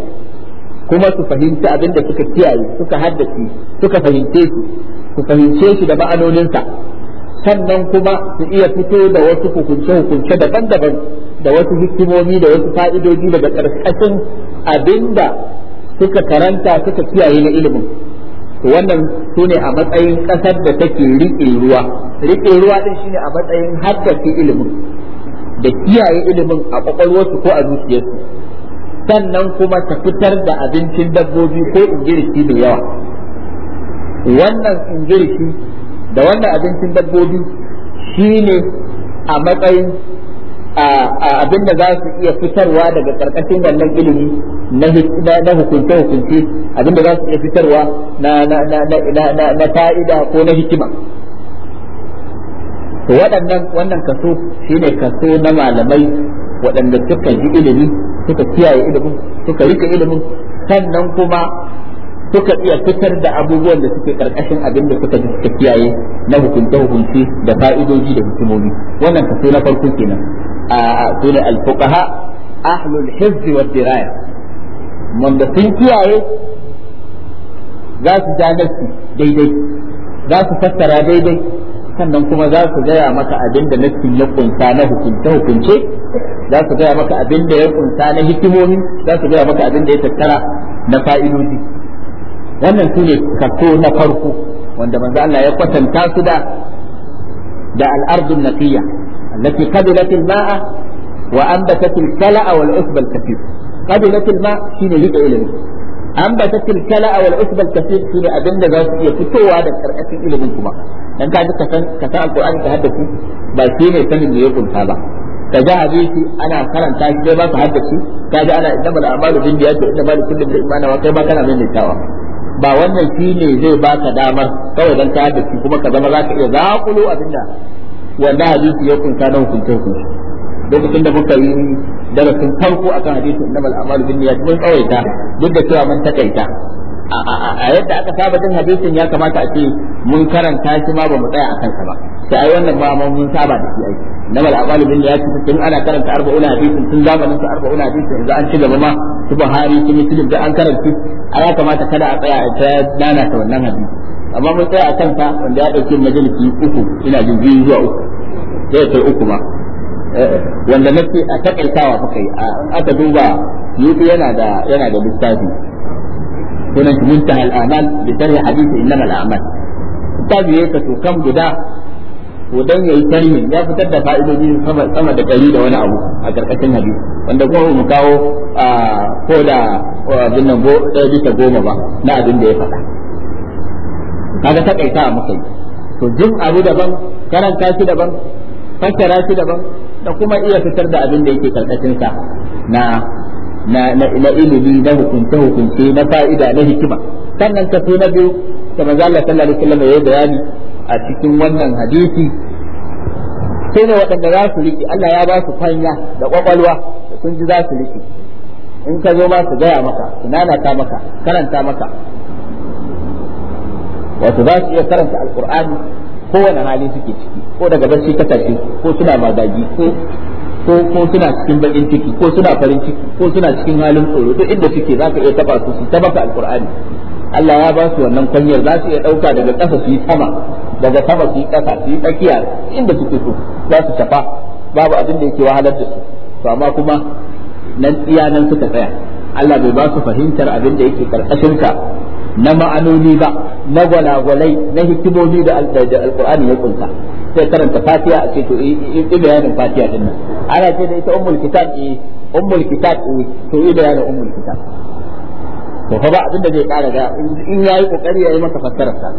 kuma su fahimci abin da suka kiyaye suka haddace suka fahimce su, su fahimce shi da ma'anoninsa sannan kuma su iya fito da wasu hukunce-hukunce daban-daban da wasu hikimomi da wasu fa'idodi daga ƙarƙashin abin da suka karanta suka kiyaye na ilimin wannan su ne a matsayin ƙasar da take riƙe ruwa riƙe ruwa ɗin shine a matsayin haddace ilimin da kiyaye ilimin a ƙwaƙwalwarsu ko a zuciyarsu sannan kuma ta fitar da abincin dabbobi ko ingirishi mai yawa wannan ingirishi da wannan abincin dabbobi shi ne a matsayin abin da za su iya fitarwa daga karkashin wannan ilimi na hukunce-hukunce abin da za su iya fitarwa na fa'ida ko na hikima waɗannan wannan kaso ne kaso na malamai waɗanda suka ji ilimi suka kiyaye ilimin suka rika ilimin sannan kuma suka iya fitar da abubuwan da suke karkashin abin da suka suka kiyaye na hukunce hukunci da fa'idoji da hukumomi wannan kaso na farko kenan a sune al-fuqaha ahlul hizb wa diraya wanda sun kiyaye za su ja daidai za su fassara daidai nan kuma za su gaya maka abin da nassin ya kunsa na hukunce hukunce za su gaya maka abin da ya kunsa na hikimomi za su gaya maka abin da ya tattara na fa'idoji wannan su ne kaso na farko wanda manzo Allah ya kwatanta su da da al'adun ardun naqiya allati qabilat al-ma'a wa anbatat al-kala'a wal-usba al-kathir qabilat al shine rike ilimi an ba ta tilkala a wal usbal kasir shine abin da za su iya fitowa da karkashin ilimin kuma dan ka ji al san ka san alqur'ani haddace ba shi ne sanin me ya kunta ba ka ji hadisi ana karanta shi ba ka haddace ka ji ana inna mal amalu bin biyat wa inna mal kullu bi imana wa kai ba kana mai tawa ba wannan shi ne zai baka damar kawai dan ka haddace kuma ka zama za ka iya zaƙulo abinda wanda hadisi ya kunta na hukuncin hukunci lokacin da muka yi darasin farko akan hadisi innamal a'malu niyyah mun tsawaita duk da cewa mun takaita a yadda aka saba din hadisin ya kamata a ce mun karanta shi ma bamu tsaya a kansa ba sai ai wannan ma mun saba da shi ai innamal a'malu niyyah tun ana karanta arba'una hadisin tun zamanin su arba'una hadisin yanzu an ci gaba ma su Buhari su Muslim da an karanta a ya kamata kada a tsaya a ta dana ta wannan hadisi amma mun tsaya a kansa wanda ya dauki majalisi uku ina jin biyu zuwa uku sai kai uku ma wanda na ce a takaitawa muka yi aka duba yufi yana da yana da littafi sunan shi muntaha al-amal bi sharhi hadith innama al-amal littafi yake to kan guda to dan yayi sharhi ya fitar da fa'idoji sama sama da kari da wani abu a karkashin hadisi wanda kuma mu kawo ko da abin nan go ɗaya bisa goma ba na abin da ya faɗa kaga takaitawa muka yi to jin abu daban karanta shi daban fassara shi daban da kuma iya fitar da abin da yake karkashin sa na na na ilimi na hukunce hukunce na fa'ida na hikima sannan tafi na biyu ta manzo Allah sallallahu alaihi wasallam ya bayani a cikin wannan hadisi sai ne waɗanda za su riƙe Allah ya ba su fanya da kwakwalwa da sun ji za su riƙe in ka zo ba su gaya maka su ta maka karanta maka wato za su iya karanta alƙur'ani kowane hali suke ciki ko daga barci ta tashi ko suna magagi ko ko ko suna cikin bakin ciki ko suna farin ciki ko suna cikin halin tsoro duk inda suke zaka iya taba su su tabaka alqur'ani Allah ya ba su wannan kunyar za su iya dauka daga ƙasa su yi sama daga sama su yi ƙasa su yi tsakiya inda suke so za su tafa babu abin da yake wahalar da su to amma kuma nan tsiya nan suka tsaya Allah bai ba su fahimtar abin da yake karkashin ka na ma'anoni ba na gwalagwalai na hikimomi da alkur'ani ya kunsa sai karanta Fatiya a ce to in bayanin fatiya din nan ana ce da ita ummul kitab e ummul kitab to in bayanin ummul kitab to fa ba abin da zai kara ga in yayi kokari yayi maka fassarar sa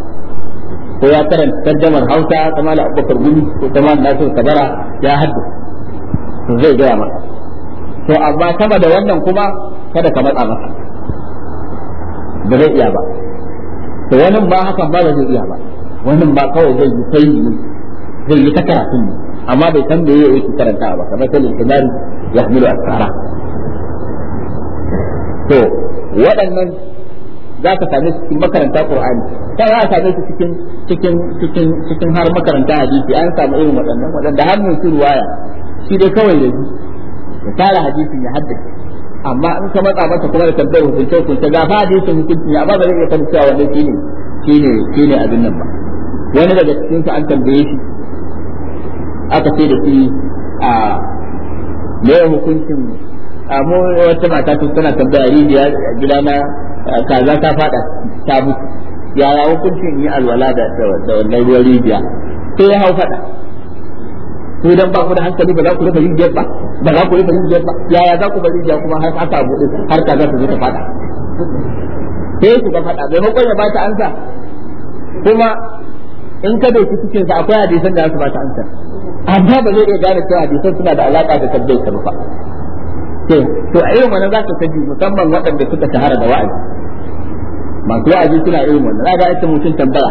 ko ya karanta tarjamar Hausa kamar Abubakar Gumi ko kamar Nasir Kabara ya haddu to zai gaya maka to amma sama da wannan kuma kada ka matsa maka ba zai iya ba to wani ba hakan ba zai iya ba wani ba kawai zai yi sai zai yi ta karatun ne amma bai san da shi karanta ba kamar sai al-kimari ya hamilu asara to waɗannan za ka same su cikin makaranta Qur'ani kai za ka same su cikin cikin cikin cikin har makaranta hadisi an samu irin waɗannan waɗanda har mun ruwaya shi dai kawai da ya tara hadisin ya haddace amma in ka matsa masa kuma da tambayar hukunce hukunce ga ba da yake hukunci ya ba zai iya fahimta wannan shine shine shine abin nan ba wani daga cikin su an tambaye shi aka ce da shi a me hukuncin a mu wata mata ta tana tambaya rijiya da gida na kaza ta fada ta mutu yaya hukuncin yi alwala da wannan ruwan rijiya sai ya hau fada ko dan ba ku da hankali ba za ku rufe rijiyar ba ba za ku rufe rijiyar ba yaya za ku bari rijiya kuma har aka bude har ka za ta zo ta fada sai ku ga fada bai makon ya bata ansa kuma in ka dauki cikin sa akwai hadisan da za su bata ansa amma ba zai iya gane cewa hadisan suna da alaka da tabbai ka ba to a irin wannan za ka sani musamman waɗanda suka shahara da wa'azi masu wa'azi suna irin wannan za ga ita mutum tambaya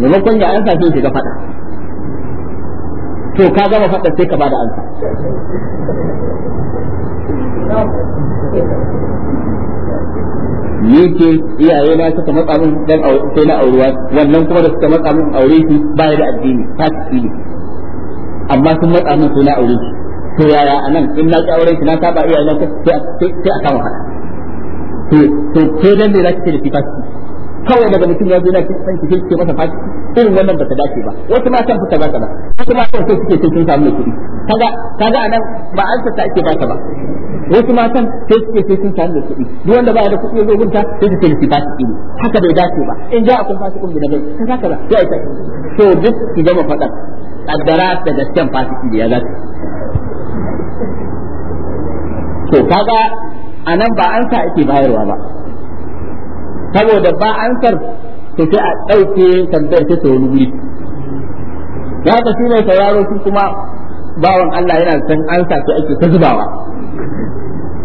maimakon ya ansa sai shiga fada to ka gama faɗa sai ka bada ansa ni ce iyaye na suka matsa min dan sai na aurewa wannan kuma da suka matsa min aure shi baya da addini fasiki ne amma sun matsa min sai na aure shi to yaya anan in na ki aure shi na saba iyaye na sai a kama haka to to ke dan ne za ki ce da fasiki kawai daga mutum ya zo na cikin san cikin ke masa fati irin wannan ba ta dace ba wasu ma san fuka baka ba wasu ma san so suke sai sun samu kuɗi kaga kaga anan ba an ta ake baka ba wasu ma san sai suke sai sun samu kuɗi duk wanda ba da kuɗi ya zo gunta sai su ce shi fati ne haka bai dace ba in ja akun fasi kun bi da bai kaza kaza ya ita to duk ki gama fada kaddara da gaskiyan fasiki da ya zata to kaga anan ba an sa ake bayarwa ba saboda ba ansar to sai a ɗauke tambayar ta wani wuri Ya haka shi ne sauraro shi kuma bawan Allah yana san ansa ta ake ta zubawa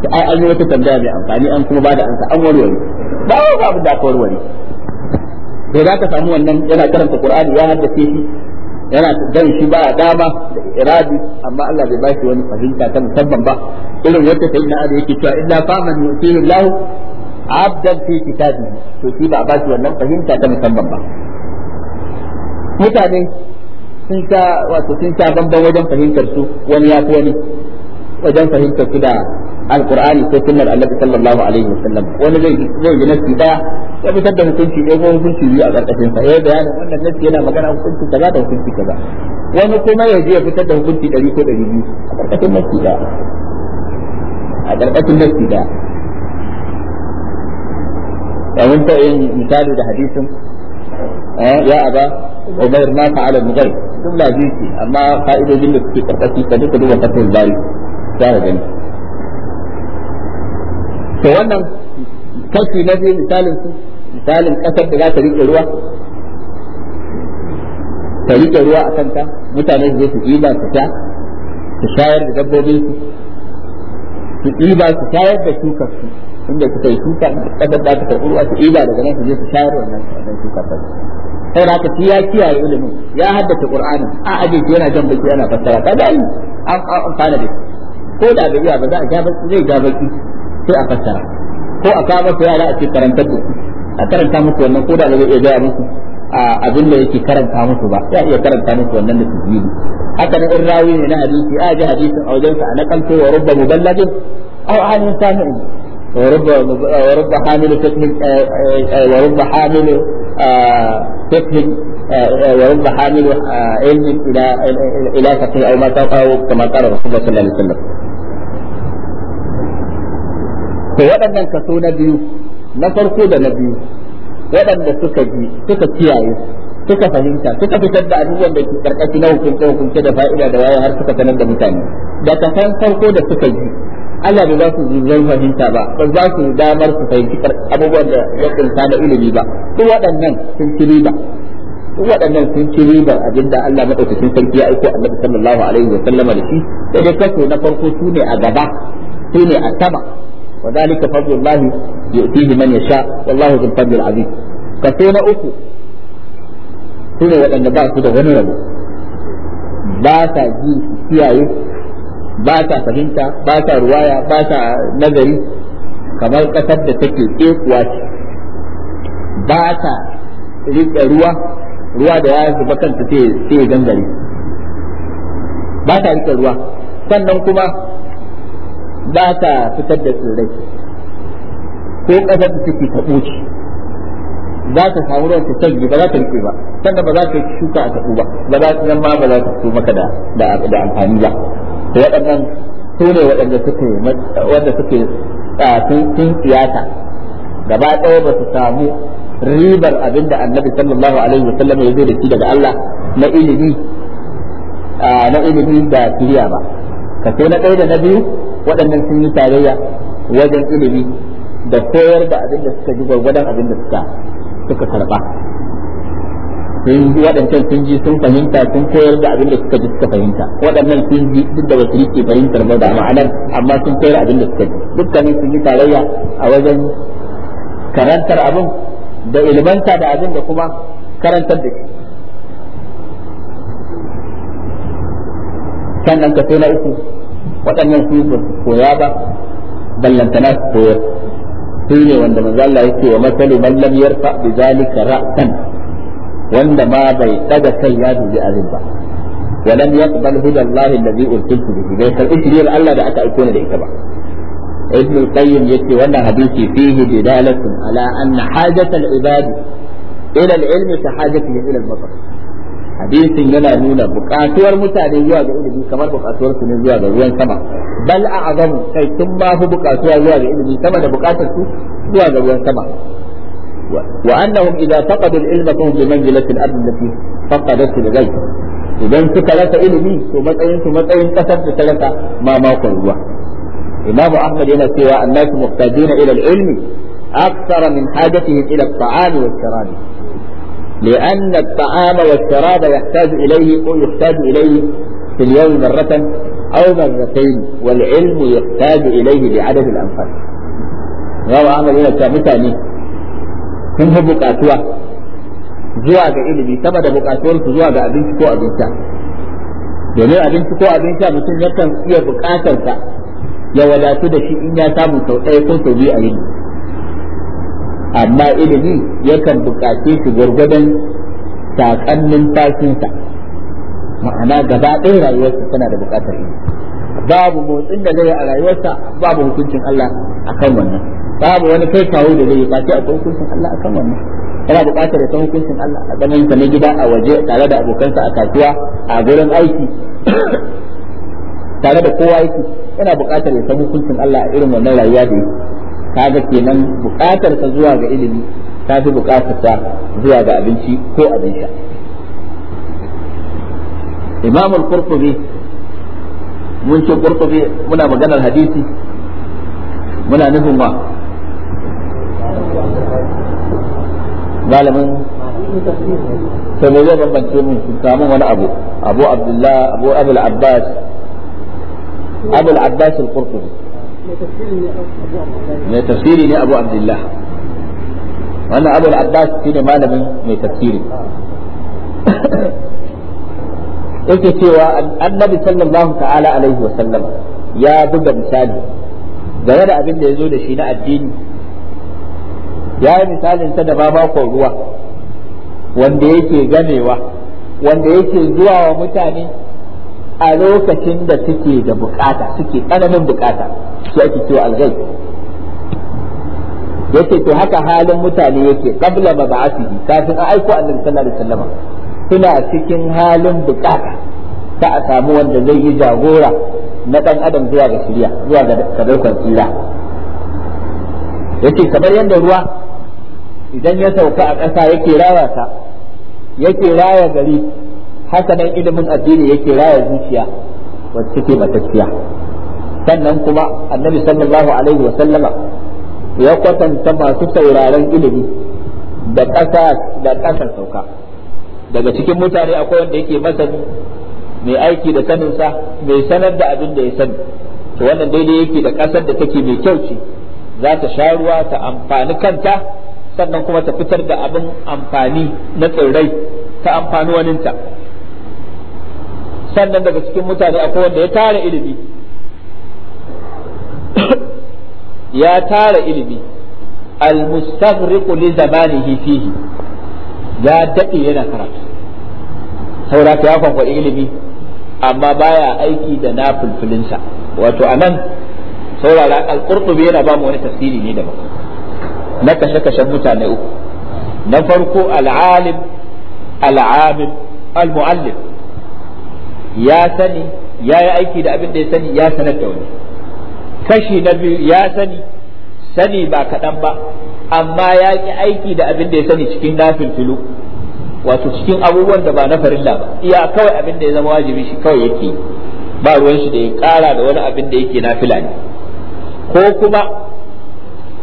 to ai an yi wata tambaya mai amfani an kuma da ansa an wani ba ba babu da aka warware to za ka samu wannan yana karanta Qur'ani ya haddace shi yana dan shi ba dama da iradi amma Allah bai ba shi wani fahimta ta musamman ba irin wacce sayyidina Ali yake cewa illa faman yu'tihi Allah abdan fi kitabi to shi ba a bashi wannan fahimta ta musamman ba mutane sun ta wato sun ta bamban wajen fahimtar su wani ya fi wani wajen fahimtar su da alqur'ani ko sunnar annabi sallallahu alaihi wasallam wani zai zai yi nasi da ya fitar da hukunci ɗaya ko hukunci biyu a ƙarƙashin sa yayin bayanin wannan nasi yana magana hukunci kaza da hukunci kaza wani kuma ya je ya fitar da hukunci ɗari ko ɗari biyu a ƙarƙashin nasi da a ƙarƙashin nasi da mun ta yin misali da hadisin eh, ya aba umair ma fa'ala mughayr jumla biyu ce amma fa'idojin da suke karkashi ka duka duba fatul bari za ka gani to wannan kashi na biyu misalin su misalin kasar da ta rike ruwa ta rike ruwa a kanta mutane su je su su su da dabbobin su ɗiba su da inda suka yi shuka kasar da ta karɓi ruwa su ida daga nan su je su shayar wannan wannan shuka ta sai da haka shi ya kiyaye ilimin ya haddace qur'anin a aje shi yana jan baki yana fassara kaga an an amfana da ko da bai iya ba za a ga baki zai ga baki sai a fassara ko a kawo su yara a ce karanta ku a karanta musu wannan ko da ba zai iya gaya musu abin da yake karanta musu ba sai a iya karanta musu wannan da tajwidi haka na in rawi ne na hadisi a ji hadisin a wajensa a nakalto wa rubba muballagin aw an sami'in ورب ورب حامل تكمل ورب حامل تكمل ورب حامل علم الى الى فقيه او ما توقع كما قال رسول الله صلى الله عليه وسلم to waɗannan kaso na biyu na farko da na biyu waɗanda suka ji suka kiyaye suka fahimta suka fitar da abubuwan da ke karkashi na hukunce hukunce da fa'ida har suka sanar da mutane da kasan farko da ka ji Allah bai za su zuzan fahimta ba ba za su damar su fahimci abubuwan da ya kunta da ilimi ba duk waɗannan sun ci riba duk waɗannan sun ci riba abinda Allah sun sarki ya aiko Annabi sallallahu alaihi wa sallama da shi sai dai kaso na farko su ne a gaba su ne a sama wa zalika fadlullahi yu'tihi man yasha wallahu dhul fadlil azim kaso na uku su ne waɗanda ba su da wani rabo ba sa ji su kiyaye ba sa fahimta ba sa ruwaya ba sa nazari kamar kasar da take kuwa ce ba sa riƙe ruwa ruwa da ya zuba kanta sai gangare ba sa riƙe ruwa sannan kuma ba ta fitar da tsirrai ko kasar da take taɓo ce za ta samu ruwan ta canji ba za ta rike ba sannan ba za ta shuka a taɓo ba ba za ta zama ma ba za ta fito maka da amfani ba waɗannan su ne waɗanda suke wanda suke sun siyasa gaba ɗaya ba su samu ribar abinda annabi sallallahu alaihi wa sallam ya zo da shi daga Allah na ilimi na ilimi da siriya ba kaso na ɗaya da na biyu waɗannan sun yi tarayya wajen ilimi da koyar da abin da suka ji gwargwadon abin da suka suka sun waɗancan sun ji sun fahimta sun koyar da abin da suka ji suka fahimta waɗannan sun ji duk da wasu yake fahimtar ba da ma'anar amma sun koyar abin da suka ji dukkanin sun yi tarayya a wajen karantar abin da ilmanta da abin da kuma karantar da shi sannan kaso na uku waɗannan sun su koya ba ballantana su koyar su ne wanda manzo Allah yake wa masalu man lam yarfa bi zalika ra'san wanda ma bai daga kai ya dubi abin ba ولم يقبل هدى الله الذي أرسلت به da الإشرير ألا دعك أكون لإتبع ابن القيم يكفي وأن حديثي فيه دلالة على أن حاجة العباد إلى العلم كحاجتهم إلى المطر hadisin yana nuna buƙatuwar mutane zuwa ga ilimi kamar buƙatuwar su ne zuwa ga ruwan sama bal a azamu kai tun ba bukatuwa zuwa ga ilimi sama da buƙatar su zuwa ga ruwan sama وأنهم إذا فقدوا العلم فهم بمنزلة الأرض التي فقدت الغيب إذا ثلاثه لك إلمي ومتأين ومتأين كسبت ثلاثه ما موقع الله إمام أحمد هنا سوى الناس محتاجين إلى العلم أكثر من حاجتهم إلى الطعام والشراب لأن الطعام والشراب يحتاج إليه أو يحتاج إليه في اليوم مرة أو مرتين والعلم يحتاج إليه بعدد الأنفاس روى أحمد هنا كمثالين sun fi bukatuwa zuwa ga ilimi sama da bukatuwarsu zuwa ga abinci ko abin sha domin abinci ko abin sha mutum yakan iya bukatarsa ya wadatu da shi in ya samu sau ɗaya ko sau biyu a yini amma ilimi yakan bukace shi gwargwadon takannin fashinsa ma'ana gaba ɗaya rayuwarsa tana da bukatar ilimi babu motsin da zai a rayuwarsa babu hukuncin Allah akan wannan babu wani kai kawo da zai ba akwai hukuncin Allah akan wannan yana buƙatar ya san hukuncin Allah a ganin sa na gida a waje tare da abokansa a kasuwa a gurin aiki tare da kowa yake yana buƙatar ya san hukuncin Allah a irin wannan rayuwa da yake kaga kenan buƙatar ka zuwa ga ilimi ta fi buƙatar ta zuwa ga abinci ko abin sha Imam al-Qurtubi mun ce Qurtubi muna maganar hadisi muna nufin ma malamin to me zai bambance mun su samu wani abu abu abdullah abu abul abbas abul abbas al-qurtubi mai tafsiri ne abu abdullah wannan abul abbas shine malamin mai tafsiri *coughs* yake cewa annabi sallallahu ta'ala alaihi wa sallam ya buga misali game da abin da ya zo da shi na addini ya yi misalin ta da babakon ruwa wanda yake ganewa wanda yake zuwa wa mutane a lokacin da suke da bukata suke tsananin bukata shi ake cewa algai ce to haka halin mutane yake su yi kafin a aiko annabi sallallahu alaihi wasallam suna cikin halin bukata ta a samu wanda zai yi jagora na dan adam zuwa ga shirya zuwa ga sadaukar tsira yace kamar yadda ruwa idan ya sauka a ƙasa yake raya ta yake raya gari haka ilimin addini yake raya zuciya wacce take matacciya sannan kuma annabi sallallahu alaihi wa sallama ya kwatanta masu sauraron ilimi da ƙasa da ƙasar sauka daga cikin mutane akwai wanda yake masani mai aiki da saninsa mai sanar da abin da ya sani to wannan daidai yake da ƙasar da take mai kyau ce za ta sha ruwa ta amfani kanta sannan kuma ta fitar da abin amfani na tsirrai ta amfani waninta sannan daga cikin mutane akwai wanda ya tara ilimi *coughs* ya tara ilimi al almustaghriqu li zamanihi fihi ya dade yana karatu sauraka ya kwankwaɗi ilimi amma baya aiki da nafulfulinsa wato anan saurara al-qurtubi yana ba mu wani tafsiri ne daban na kashe-kashen mutane uku na farko al'alim al'amim al ya sani ya yi aiki da abin da ya sani ya sanar da wani kashi na biyu ya sani sani ba kaɗan ba amma ya ƙi aiki da abin da ya sani cikin dafin filu wato cikin abubuwan da ba na farilla ba iya kawai abin da ya zama wajibi shi kawai yake ba ruwan shi da ya kara da wani abin da yake na ne ko kuma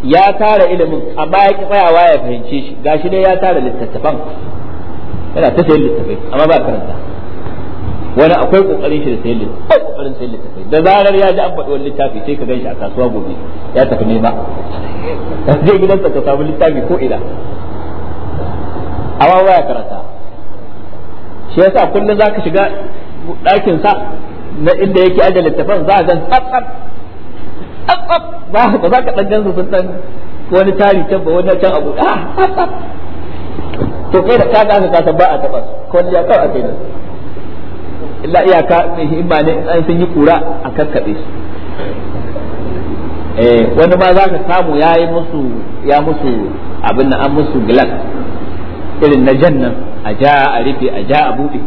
ya tara ilimin amma ya ki tsayawa ya fahimce shi gashi dai ya tara littattafan yana ta sayan littattafai amma ba karanta wani akwai kokarin shi da sayan littattafai kokarin sayan littattafai da zarar ya ji an faɗi wani littafi sai ka ganshi a kasuwa gobe ya tafi nema *laughs* zai gidansa ka samu littafi ko ina amma ba ya karanta shi yasa kullum zaka shiga ɗakin sa na inda yake ajiye littattafan za a gan tsatsan tsaf ba ba za ka ɗan gan sun ɗan wani tari can ba wani can abu ah to kai da kaga aka kasa ba a taɓa ko ya kawo a kai illa iyaka mai himma ne an sun yi kura a kakkaɓe su eh wani ma za ka samu ya yi musu ya musu abin nan an musu glass irin na jan nan a ja a rufe a ja a buɗe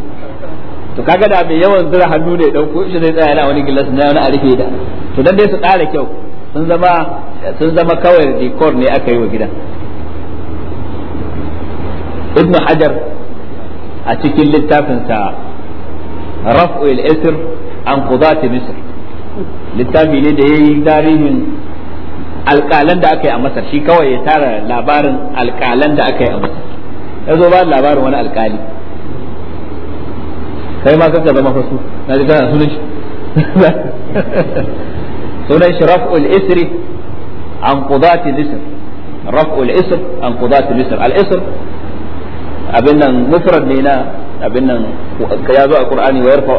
to kaga da mai yawan zura hannu ne dan ko shi zai tsaya na wani gilas na wani arife da to dan dai su ƙara kyau sun zama sun zama kawai decor ne aka yi wa gidan ibn hajar a cikin littafinsa raf'ul isr an qudat misr littafi ne da yayi tarihin alƙalan da aka yi a masar shi kawai ya tara labarin alƙalan da aka yi a masar ya zo ba labarin wani alƙali kai ma kanka zama fasu na ji kana sunan shi sunan shi raf'ul isri an qudati lisr raf'ul isr an qudati lisr al isr abin nan mufrad ne na abin nan ka yazo a qur'ani wa yarfa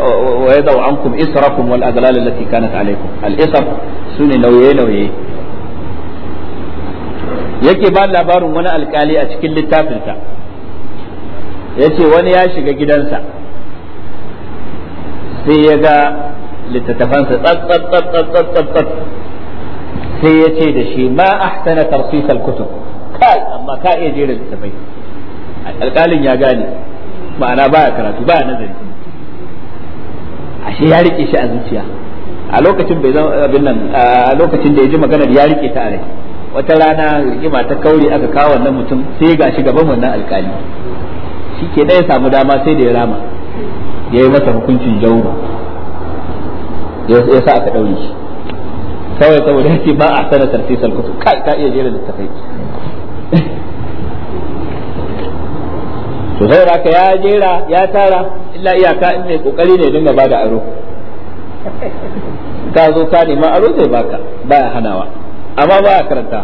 wa yadau ankum israkum wal aghlal allati kanat alaykum al isr sune nauye nauye yake ba labarin wani alkali a cikin littafinsa ya ce wani ya shiga gidansa sai ya ga littattafansa tsatsatsatsatsatsatsat sai ya ce da shi ma ahsana tarsis al-kutub kai amma ka iya jera littafai alƙalin ya gane ma'ana ba ya karatu ba ya nazari ashe ya rike shi a zuciya a lokacin bai zama abin nan a lokacin da ya ji maganar ya rike ta a rai wata rana rigima ta kauri aka kawo wannan mutum sai ga shi gaban wannan alƙali shi ke ɗaya samu dama sai da ya rama ya yi masa hukuncin jauro ya sa aka ɗauri shi kawai saboda yake ba a sana tartisal kutub kai ka iya jera littafai to saboda haka ya jera ya tara illa iyaka in mai kokari ne dinga bada aro ka zo ka nema aro zai baka baya hanawa amma ba a karanta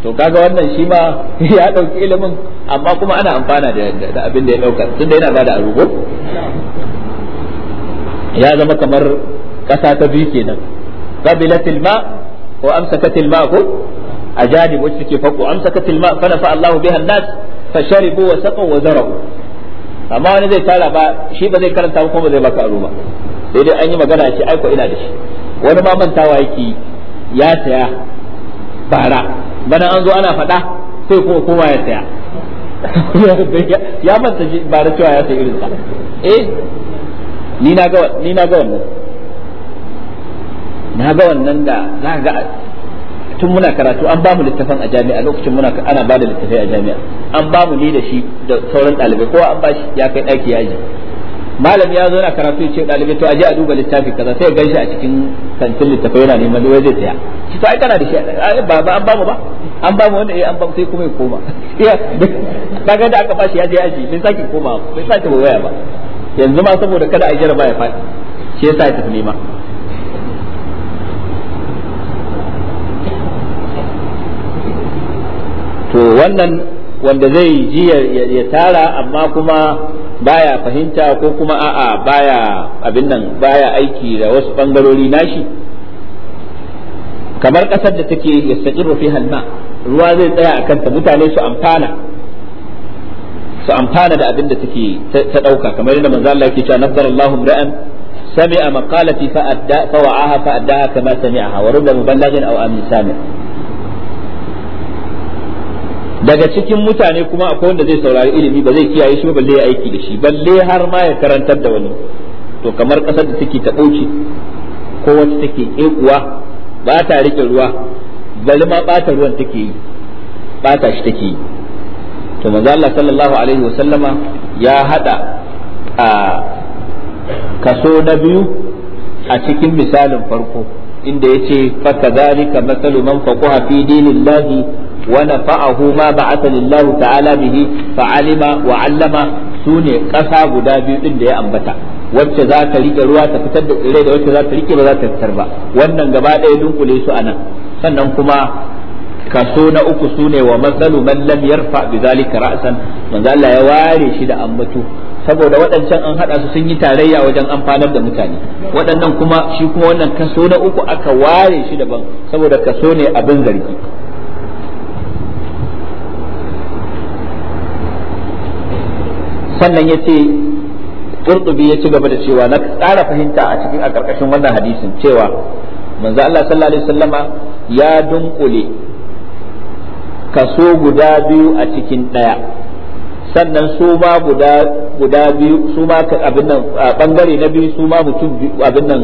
to kaga wannan shi ma *laughs* ya dauki ilimin amma kuma ana amfana da abin da ya dauka tunda yana bada aro ya zama kamar ƙasa ta biyu kenan qabilatil ma wa amsakatil ma ko a jani wacce take fako amsakatil ma fa nafa Allahu biha an-nas fa sharibu wa saqu wa zarabu amma wani zai tara ba shi ba zai karanta ba kuma ba zai baka aro ba sai dai an yi magana ce aiko ina da shi wani ma mantawa yake ya saya bara bana an zo ana faɗa sai kuma kowa ya saya ya manta ba da cewa ya sai irinsa eh ni na ga wannan na ga wannan da za ga tun muna karatu an ba mu littafin a jami'a lokacin muna ana ba da littafai a jami'a an ba mu ni da shi da sauran ɗalibai kowa an ba shi ya kai ɗaki yaji Malam ya zo na karatu ya ce ɗalibai to aje a duba littafi kaza sai ya shi a cikin kantin littafai yana neman wai zai tsaya shi to ai kana da shi ba ba an bamu ba an bamu wanda eh an bamu sai kuma ya koma *laughs* kaga da aka bashi ya je aji bai saki koma bai sake waya ba yanzu ma saboda kada a ba ya faɗi shi yasa ya tafi nema to wannan wanda zai ji ya tara amma kuma baya fahimta ko kuma a'a baya abin nan baya aiki da wasu bangarori nashi kamar kasar da take yastaqirru fiha al ruwa zai tsaya a kanta mutane su amfana su amfana da abin da take ta dauka kamar yadda manzo Allah yake cewa nazarallahu ra'an sami'a maqalati fa adda fa wa'aha fa addaha kama sami'aha wa rubba muballaghun aw amin sami' daga cikin mutane kuma akwai wanda zai saurari ilimi ba zai kiyaye shi ba balle ya aiki da shi balle har ma ya karantar da wani to kamar kasar da take ta ɗauci ko wacce take ƙekuwa ba ta riƙe ruwa bali ma ɓata ruwan take yi ɓata shi take yi to manzo Allah sallallahu alaihi wa sallama ya hada a kaso na biyu a cikin misalin farko inda yace fa kadhalika mathalu man faqaha fi dinillahi ونفعه ما بعث الله تعالى به فعلم وعلم سوني قسا guda biyu din da ya ambata wacce za ta rike ruwa ta fitar da tsire da wacce za ta rike ba za ta fitar ba wannan gaba ɗaya dunkule su anan sannan kuma kaso na uku ne wa matsalu man lam yarfa bi zalika ra'san manzo Allah ya ware shi da ambato saboda waɗancan an haɗa su sun yi tarayya wajen amfanar da mutane waɗannan kuma shi kuma wannan kaso na uku aka ware shi daban saboda kaso ne abin zargi sannan ya ce qurtubi ya ci gaba da cewa na ƙara fahimta a cikin a ƙarƙashin wannan hadisin cewa manzo Allah sallallahu alaihi wasallama ya dunkule kaso guda biyu a cikin ɗaya sannan su ma guda guda biyu su ma abin nan bangare na biyu su ma mutum abin nan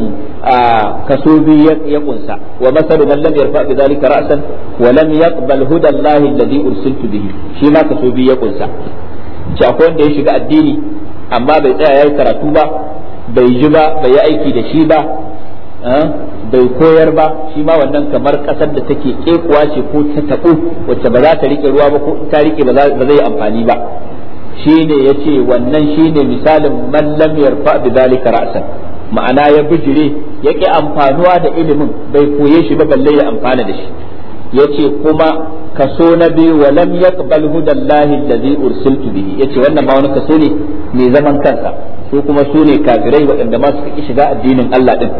kaso biyu ya kunsa wa masalu man lam yarfa bi dhalika ra'san wa lam yaqbal huda Allah alladhi ursiltu bihi shi ma kaso biyu ya kunsa ce akwai wanda ya shiga addini amma bai tsaya yi karatu ba bai ji ba bai yi aiki da shi ba eh, bai koyar ba shi ma wannan kamar kasar da take kekuwa ce ko ta taɓo wacce ba za ta rike ruwa ba ko ta rike ba zai amfani ba shi ne ya ce wannan shi ne misalin mallam yarfa bi zalika ra'san ma'ana ya bijire ya ƙi amfanuwa da ilimin bai koye shi ba balle ya amfana da shi yace kuma kaso na biyu wa lam yaqbal hudallahi allazi ursiltu bihi yace wannan ba wani kaso ne mai zaman kansa su kuma su ne kafirai waɗanda ma suka shiga addinin Allah din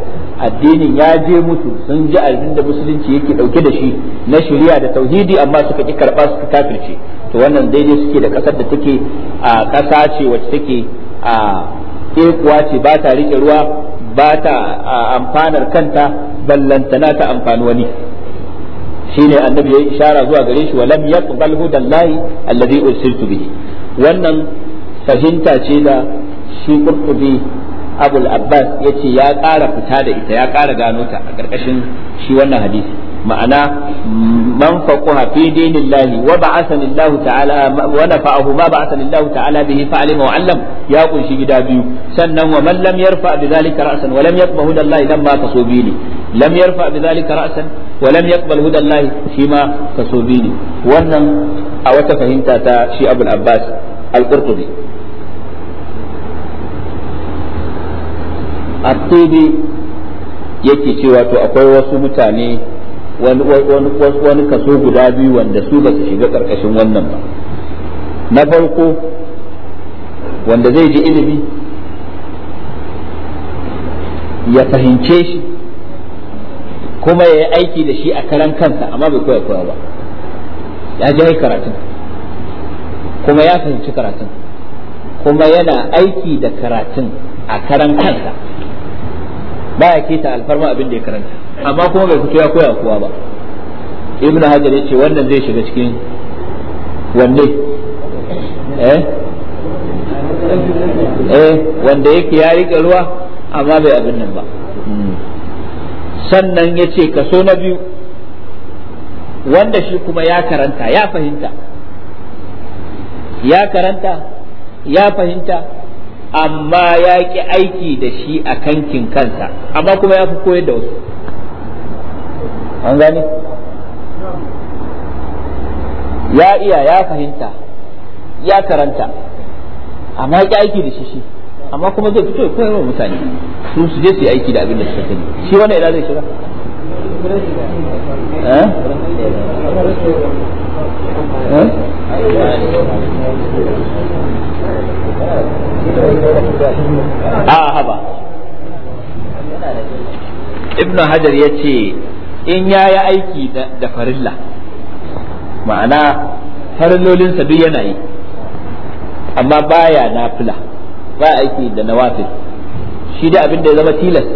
addinin ya je musu sun ji abin da musulunci yake dauke da shi na shari'a da tauhidi amma suka ki karba suka kafirce to wannan daidai suke da kasar da take a kasa ce wacce take a ekuwa ce ba ta rike ruwa ba ta amfanar kanta ballantana ta amfani wani shine annabi ya ishara zuwa gare shi walam yaqbal hudallahi alladhi ursiltu bihi wannan fahimta ce da shi qurtubi abul abbas yace ya ƙara fita da ita ya ƙara gano ta a ƙarƙashin shi wannan hadisi ma'ana man faquha fi dinillahi wa ba'athani Allah ta'ala wa nafa'ahu ma ba'athani ta'ala bihi fa'alima wa 'allam ya kunshi gida biyu sannan wa man lam yarfa bi dhalika ra'san wa lam yaqbahu Allah lamma tasubini lam yarfa bi dhalika ra'san ولم يقبل هدى الله شيما كسوبيني وانا او تفهمت تا شي ابو العباس القرطبي الطيبي yake cewa to akwai wasu mutane wani kaso guda biyu wanda su ba su shiga ƙarƙashin wannan ba na farko wanda zai ji ilimi ya fahimce shi kuma ya yi aiki da shi a karan kansa amma bai koya koya ba ya ji karatun kuma ya fahimci karatun kuma yana aiki da karatun a karan kansa ba ya keta alfarma abin da ya karanta amma kuma bai fito ya koya kowa ba ibn hajar ya ce wannan zai shiga cikin wanne eh eh wanda yake ya riƙe ruwa amma bai abin nan ba sannan ya ce kaso na biyu wanda shi kuma ya karanta ya fahimta ya karanta ya fahimta amma ya ƙi aiki da shi a kankin kansa amma kuma ya fi koyar da wasu an gani ya iya ya fahimta ya karanta amma ya ƙi aiki da shi shi amma kuma zai fito ya yawan wa mutane su su je su yi aiki da abin da suka sani shi wani ina zai shiga eh? eh? a ah, haba ibnu hajar ya ce in ya yi aiki da farilla ma'ana farillolinsa duk yana yi amma baya na fila. ba aiki da nawafil shi da abin da ya zama tilas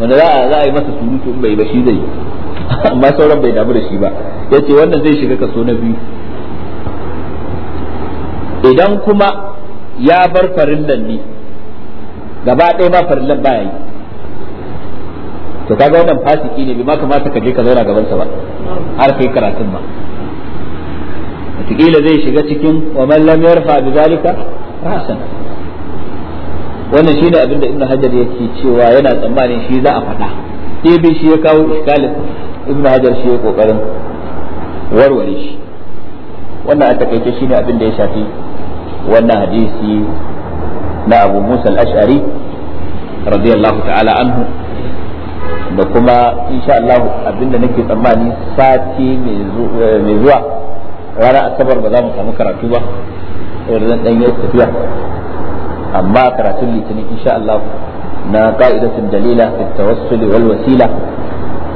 wanda za a za a yi masa surutu bai ba shi zai yi *laughs* amma sauran bai damu da shi ba yace wannan zai shiga kaso na biyu idan kuma ya bar farillan ne gaba ɗaya ma farillan ba yi to kaga wannan fasiki ne bai ma kamata ka je ka zauna gaban sa ba har kai karatun ma wataƙila zai shiga cikin wa man lam yarfa bi zalika rasan wannan shine abin da ibnu hajar yake cewa yana tsammanin shi za a faɗa bi shi ya kawo iskalin ibnu hajar shi ya kokarin warware shi wannan a takaice shine abin da ya shafi wannan hadisi na abu musa al-ash'ari radiyallahu ta'ala anhu da kuma insha Allah abinda nake tsammani sati mai zuwa ranar asabar ba za mu samu karatu ba irin dan yau tafiya amma karatun litinin insha na ka'idatun dalila fi tawassuli wal wasila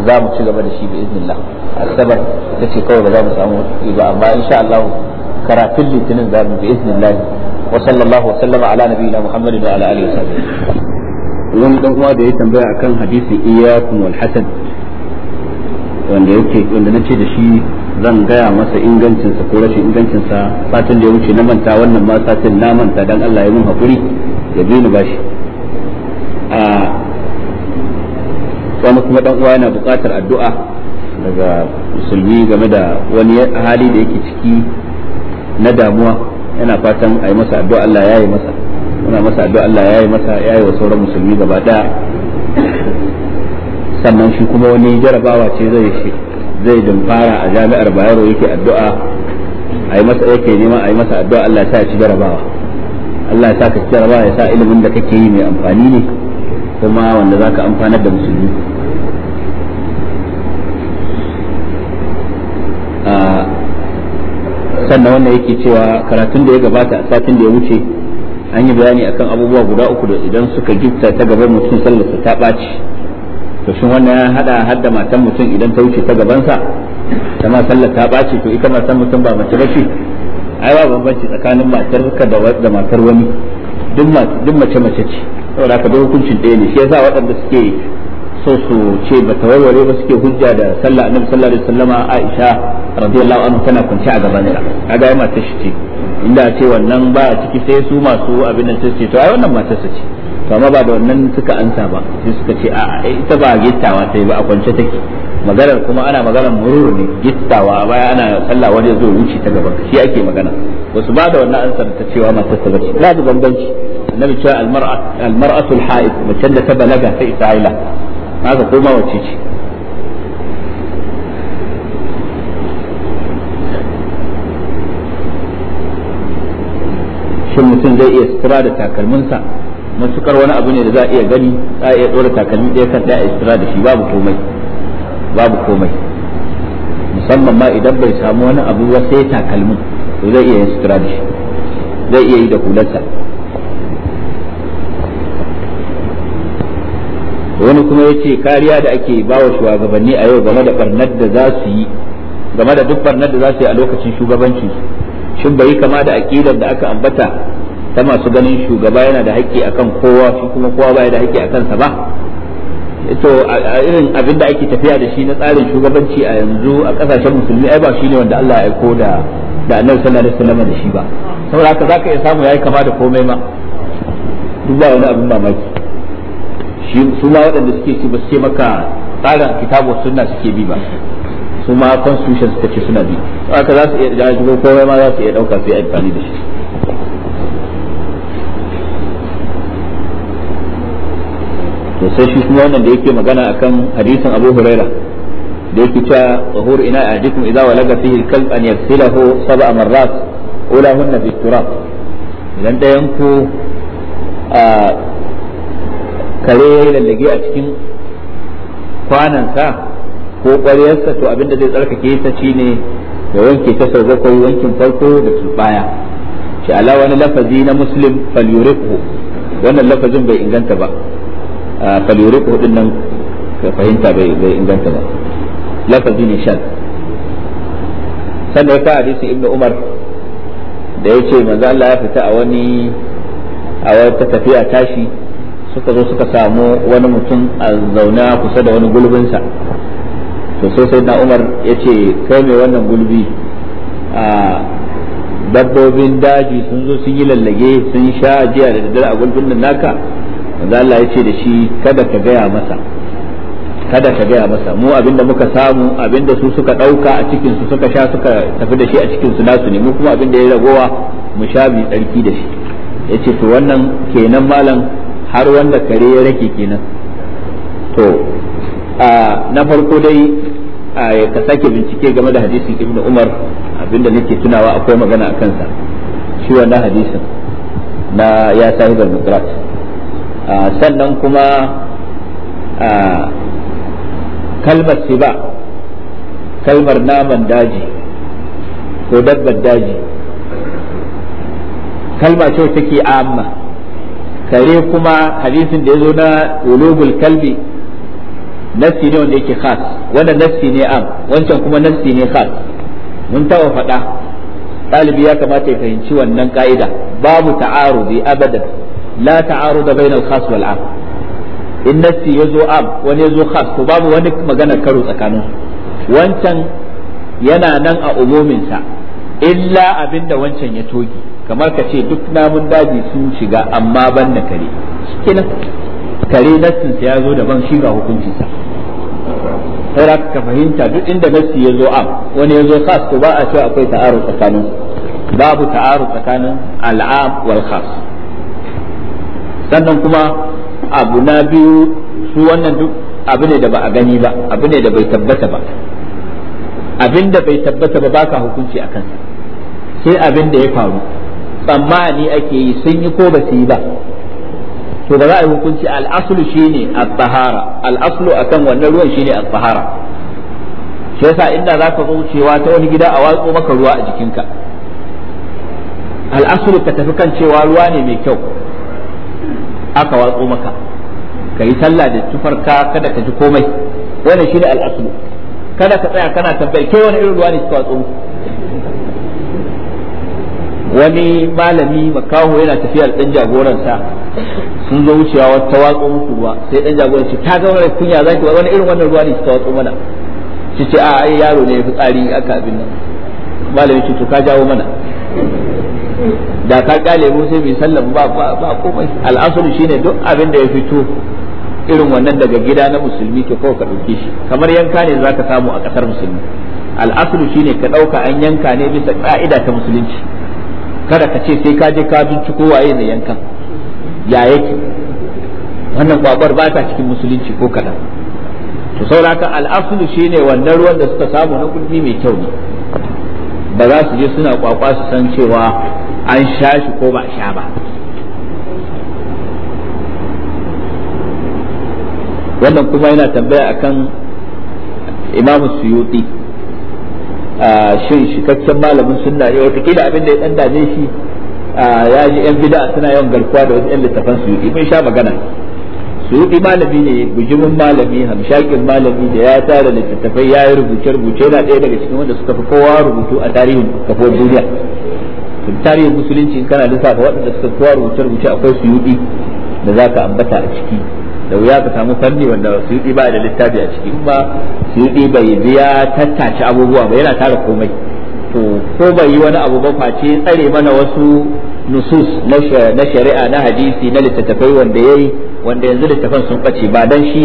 za mu ci gaba da shi bi iznillah asabar da ce kawai ba za mu samu ba amma insha karatun litinin za bi iznillah wa ala muhammadin wa ala wani dan uwa da ya tambaya akan hadisin iyyakum wal hasad wanda yake wanda nace da shi zan gaya masa ingancinsa ko rashin ingancinsa satin da ya wuce na manta wannan ma satin na manta don Allah ya mun hakuri ya bi ni bashi a wani kuma dan uwa yana buƙatar addu'a daga musulmi game da wani hali da yake ciki na damuwa yana fatan a yi masa addu'a Allah ya yi masa muna masa addu'a Allah ya yi masa ya yi wa sauran musulmi gaba ɗaya sannan shi kuma wani jarabawa ce zai shi zai dumfara a jami'ar bayero yake addu'a a yi masa yake nema a yi masa addu'a Allah ya sa ya ci jarabawa Allah ya sa ka ci jarabawa ya sa ilimin da kake yi mai amfani ne kuma wanda zaka amfanar da musulmi sannan wannan yake cewa karatun da ya gabata a satin da ya wuce an yi bayani akan abubuwa guda uku da idan suka gifta ta gaban mutum sallarsa ta ɓaci to shin wannan ya hada hadda matan mutum idan ta wuce ta gabansa ta ma sallar ta bace to ita matan mutum ba mace ba ce ai ba bambanci tsakanin matar ka da matar wani duk mace mace ce saboda haka hukuncin ɗaya ne shi yasa waɗanda suke so su ce ba ta warware ba suke hujja da sallah annabi sallallahu alaihi wasallama Aisha radiyallahu anha tana kwance a gaban ta kaga ai matar shi ce inda ce wannan ba a ciki sai su masu abin nan ce to ai wannan matar ce amma ba da wannan suka ansa ba sai suka ce a ita ba gittawa ta yi ba a kwance take maganar kuma ana maganar murur ne gittawa baya ana sallah wani zo wuce ta gaban shi ake magana wasu ba da wannan ansar ta cewa matar ta bace ba da bambanci annabi cewa almar'atul ha'id mace da ta balaga sai ita haila haka koma wace ce shin mutum zai iya sutura da takalminsa matukar wani abu ne da za a iya gani za a iya dora takalmi ɗaya kan ɗaya a istira da shi babu komai babu komai musamman ma idan bai samu wani abu ba sai takalmin to zai iya istira da shi zai iya yi da kulansa wani kuma ya ce kariya da ake ba wa shugabanni a yau game da barnar da za su yi game da duk barnar da za su yi a lokacin shugabancin shin bai kama da aƙidar da aka ambata ta masu ganin shugaba yana da haƙƙi akan kowa shi kuma kowa baya da haƙƙi akan sa ba to a irin abin da ake tafiya da shi na tsarin shugabanci a yanzu a ƙasashen musulmi ai ba shi ne wanda Allah ya aiko da da annabi sallallahu alaihi wasallam da shi ba saboda haka zaka iya samu yayi kama da komai ma duk ba wani abin mamaki shi su ma waɗanda suke ci ba su ce maka tsarin kitabu sunna suke bi ba su ma constitution suka ce suna bi haka za su iya jawo komai ma za su iya ɗauka su yi amfani da shi sai shi kuma wannan da yake magana akan hadisin Abu Huraira da yake cewa tahur ina ajikum idza walaga fihi al-kalb an yaghsilahu sab'a marrat ulahunna fi turab idan dayan ku a kare ya lallage a cikin kwanansa ko ƙwaryarsa to abinda zai tsarkake ta shine ya wanke ta sau bakwai wankin farko da turbaya shi wani lafazi na muslim falyuriku wannan lafazin bai inganta ba falyuriku hudun nan ka fahimta bai bai inganta ba lafazi ne shan sannan ka hadisi ibnu umar da ya ce manzo Allah ya fita a wani a wata tafiya tashi suka zo suka samu wani mutum a zauna kusa da wani gulbinsa to sai sai na umar ya ce kai mai wannan gulbi a dabbobin daji sun zo sun yi lallage sun sha jiya da daddare a gulbin nan naka manzo Allah ya ce da shi kada ka gaya masa kada ka gaya masa mu abinda muka samu abinda su suka dauka a cikin su suka sha suka tafi da shi a cikin su nasu ne mu kuma abinda ya ragowa mu sha bi tsarki da shi yace to wannan kenan malam har wanda kare ya rake kenan to a na farko dai ka sake bincike game da hadisin ibnu umar abinda nake tunawa akwai magana akan sa shi wannan hadisin na ya sahibar mutrat sannan kuma kalmar siba kalmar naman daji ko dabbar daji kalma ce take amma kare kuma hadisin da ya zo na ulubul kalbi nassi ne wanda yake khas wanda nassi ne am wancan kuma nassi ne khas mun tawa faɗa ɗalibi ya kamata ya fahimci wannan ka'ida babu ta'arudi abadan la ta'aruda bainal khas wal am in nassi zo am wani ya zo khas to babu wani magana karo tsakanin wancan yana nan a umumin illa abinda wancan ya togi kamar ka ce duk namun daji sun shiga amma ban na kare kenan kare nassin sa zo daban shi ga hukuncin sa sai ka fahimta duk inda nassi zo am wani ya zo khas to ba a cewa akwai ta'arud tsakanin babu ta'arud tsakanin al'am wal khas sannan kuma abu na biyu su wannan duk abu ne da ba a gani ba abu ne da bai tabbata ba abin da bai tabbata ba baka hukunci a kansa sai abin da ya faru tsammani ake yi sun yi ko ba su yi ba to ba za a yi hukunci al'aslu shine at-tahara al'aslu akan wannan ruwan shine at-tahara shi yasa inda zaka zo cewa ta wani gida a watso maka ruwa a jikinka al'aslu ka tafi kan cewa ruwa ne mai kyau aka watso maka ka yi sallah da tufarka kada ka ji komai wannan shine al'aslu kada ka tsaya kana tambaye kai wani irin ruwa ne suka watso wani malami makaho yana tafiyar dan sa sun zo wucewa wata watsu musu ruwa sai dan jagoran shi ta ga wani kunya za ki wani irin wannan ruwa ne suka watsu mana shi ce a ai yaro ne ya fi tsari aka abin nan malami ce to ka jawo mana da ka kale mu sai bi sallama ba ba komai al'asul shine duk abin da ya fito irin wannan daga gida na musulmi ke kawai ka ɗauke shi kamar yanka ne zaka samu a ƙasar musulmi al'asul shine ka ɗauka an yanka ne bisa ƙa'ida ta musulunci kada ka ce sai ka je ka binciko waye ne yankan ya yake wannan kwabar ba ta cikin musulunci ko kaɗan to sauraka al'asul shine wannan ruwan da suka samu na kulmi mai kyau ne ba za su je suna kwakwa su san cewa an sha shi ko ba a sha ba wannan kuma yana tambaya akan imamu suyuti shin shikakken malamin sunna ne watakila abin da ya dan shi ya ji yan bida suna yawan garkuwa da wasu yan littafan suyuti mun sha magana suyuti malami ne bujimin malami hamshakin malami da ya tara littattafai ya yi rubuce-rubuce na ɗaya daga cikin wanda suka fi kowa rubutu a tarihin kafofin duniya tarihin musulunci in kana lissafa waɗanda suka kowa rubuce-rubuce akwai suyuɗi da za ka ambata a ciki da wuya ka samu fanni wanda suyuɗi ba da littafi a ciki ba suyuɗi bai ya tattace abubuwa ba yana tara komai to ko bai yi wani abu ba face tsare mana wasu nusus na shari'a na hadisi na littattafai wanda ya yi wanda yanzu littafan sun ɓace ba dan shi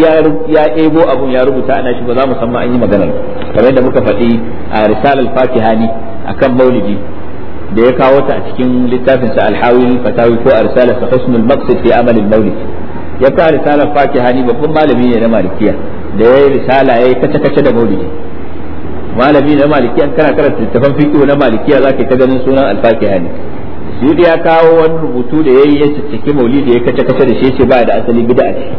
ya ebo abun ya rubuta ana shi ba za mu san ma an yi maganar kamar yadda muka faɗi a risalar Fatiha ne akan maulidi da ya kawo ta a cikin littafin sa alhawi fatawi ko arsala ta husnul maqsid fi amal al-mawlid ya ka risala fakihani babban malami ne na malikiya da ya risala yayi kace kace da maulidi malami na malikiya kana karanta littafin fiqh na malikiya zaka ta ganin sunan al-fakihani Sudi ya kawo wani rubutu da ya yi ya cikin maulidi ya kace kace da shi ce ba da asali bid'a ce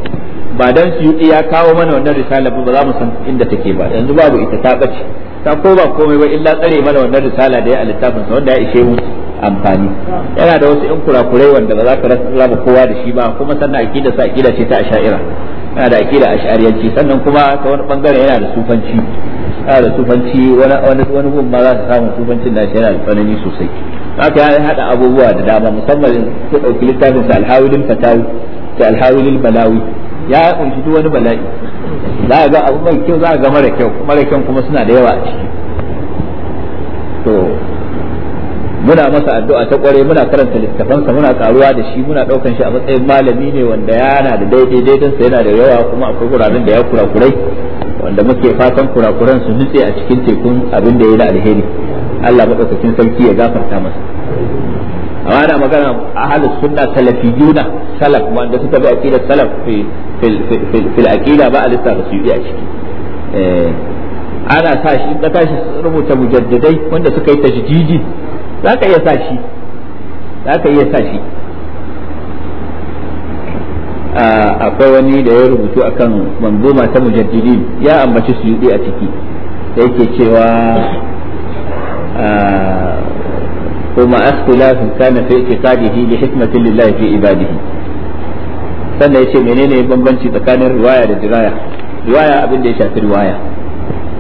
ba dan Sudi ya kawo mana wannan risala ba za mu san inda take ba yanzu babu ita ta bace ta ko ba komai ba illa tsare mana wannan risala da ya a littafin sa wanda ya ishe mu amfani yana da wasu yan kurakurai wanda ba za ka rasa ba kowa da shi ba kuma sannan akida sa akida ce ta asha'ira yana da akida ash'ariyanci sannan kuma ta wani bangare yana da sufanci yana da sufanci wani wani wani gun ma za ka samu sufancin da shi yana da tsanani sosai haka ya hada abubuwa da dama musamman ta dauki littafin sa alhawilin fatawi da alhawilin balawi ya kunshi duk wani bala'i za a ga abu mai kyau za a ga mara kyau mara kyau kuma suna da yawa a ciki to muna masa addu'a ta kware muna karanta littafansa muna karuwa da shi muna daukan shi a matsayin malami ne wanda yana da daidai daidan sa yana da yawa kuma akwai guraren da ya kura-kurai wanda muke fatan kurakuran su nutse a cikin tekun abin da ya da alheri Allah madaukakin sarki ya gafarta masa magana a magana suna sunna juna salaf wanda suka bi aqida salaf fil aqida ba a lissa da suyi a ciki eh, ana sa shi ka tashi rubuta mujaddadai wanda suka yi tajjiji ka iya sa shi ka iya sa shi akwai wani da ya rubutu akan manzuma ta mujaddidin ya ambaci suyi a ciki da yake cewa وما اختلاف كان في اعتقاده لحكمة لله في عباده sannan ya ce menene bambanci tsakanin riwaya da diraya riwaya abin da ya shafi riwaya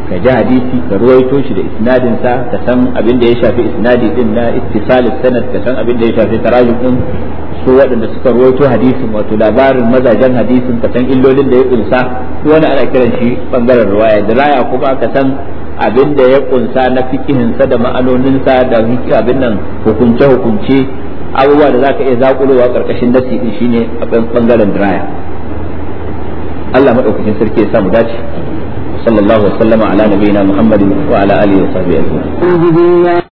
ka ji hadisi ka ruwaito shi da isnadin sa ka san abin da ya shafi isnadi din na ittisalin sanad ka san abin da ya shafi tarajum din su waɗanda suka ruwaito hadisin wato labarin mazajen hadisin ka san illolin da ya kunsa wani ana kiran shi bangaren riwaya diraya kuma ka san abin da ya kunsa na fikihinsa da ma'anoninsa da abin nan hukunce hukunce abubuwa da zaka iya zakulowa karkashin nasi din shine a bangaren diraya Allah madaukakin sarki ya samu dace sallallahu alaihi wa sallama ala nabiyina muhammadin wa ala alihi wa sahbihi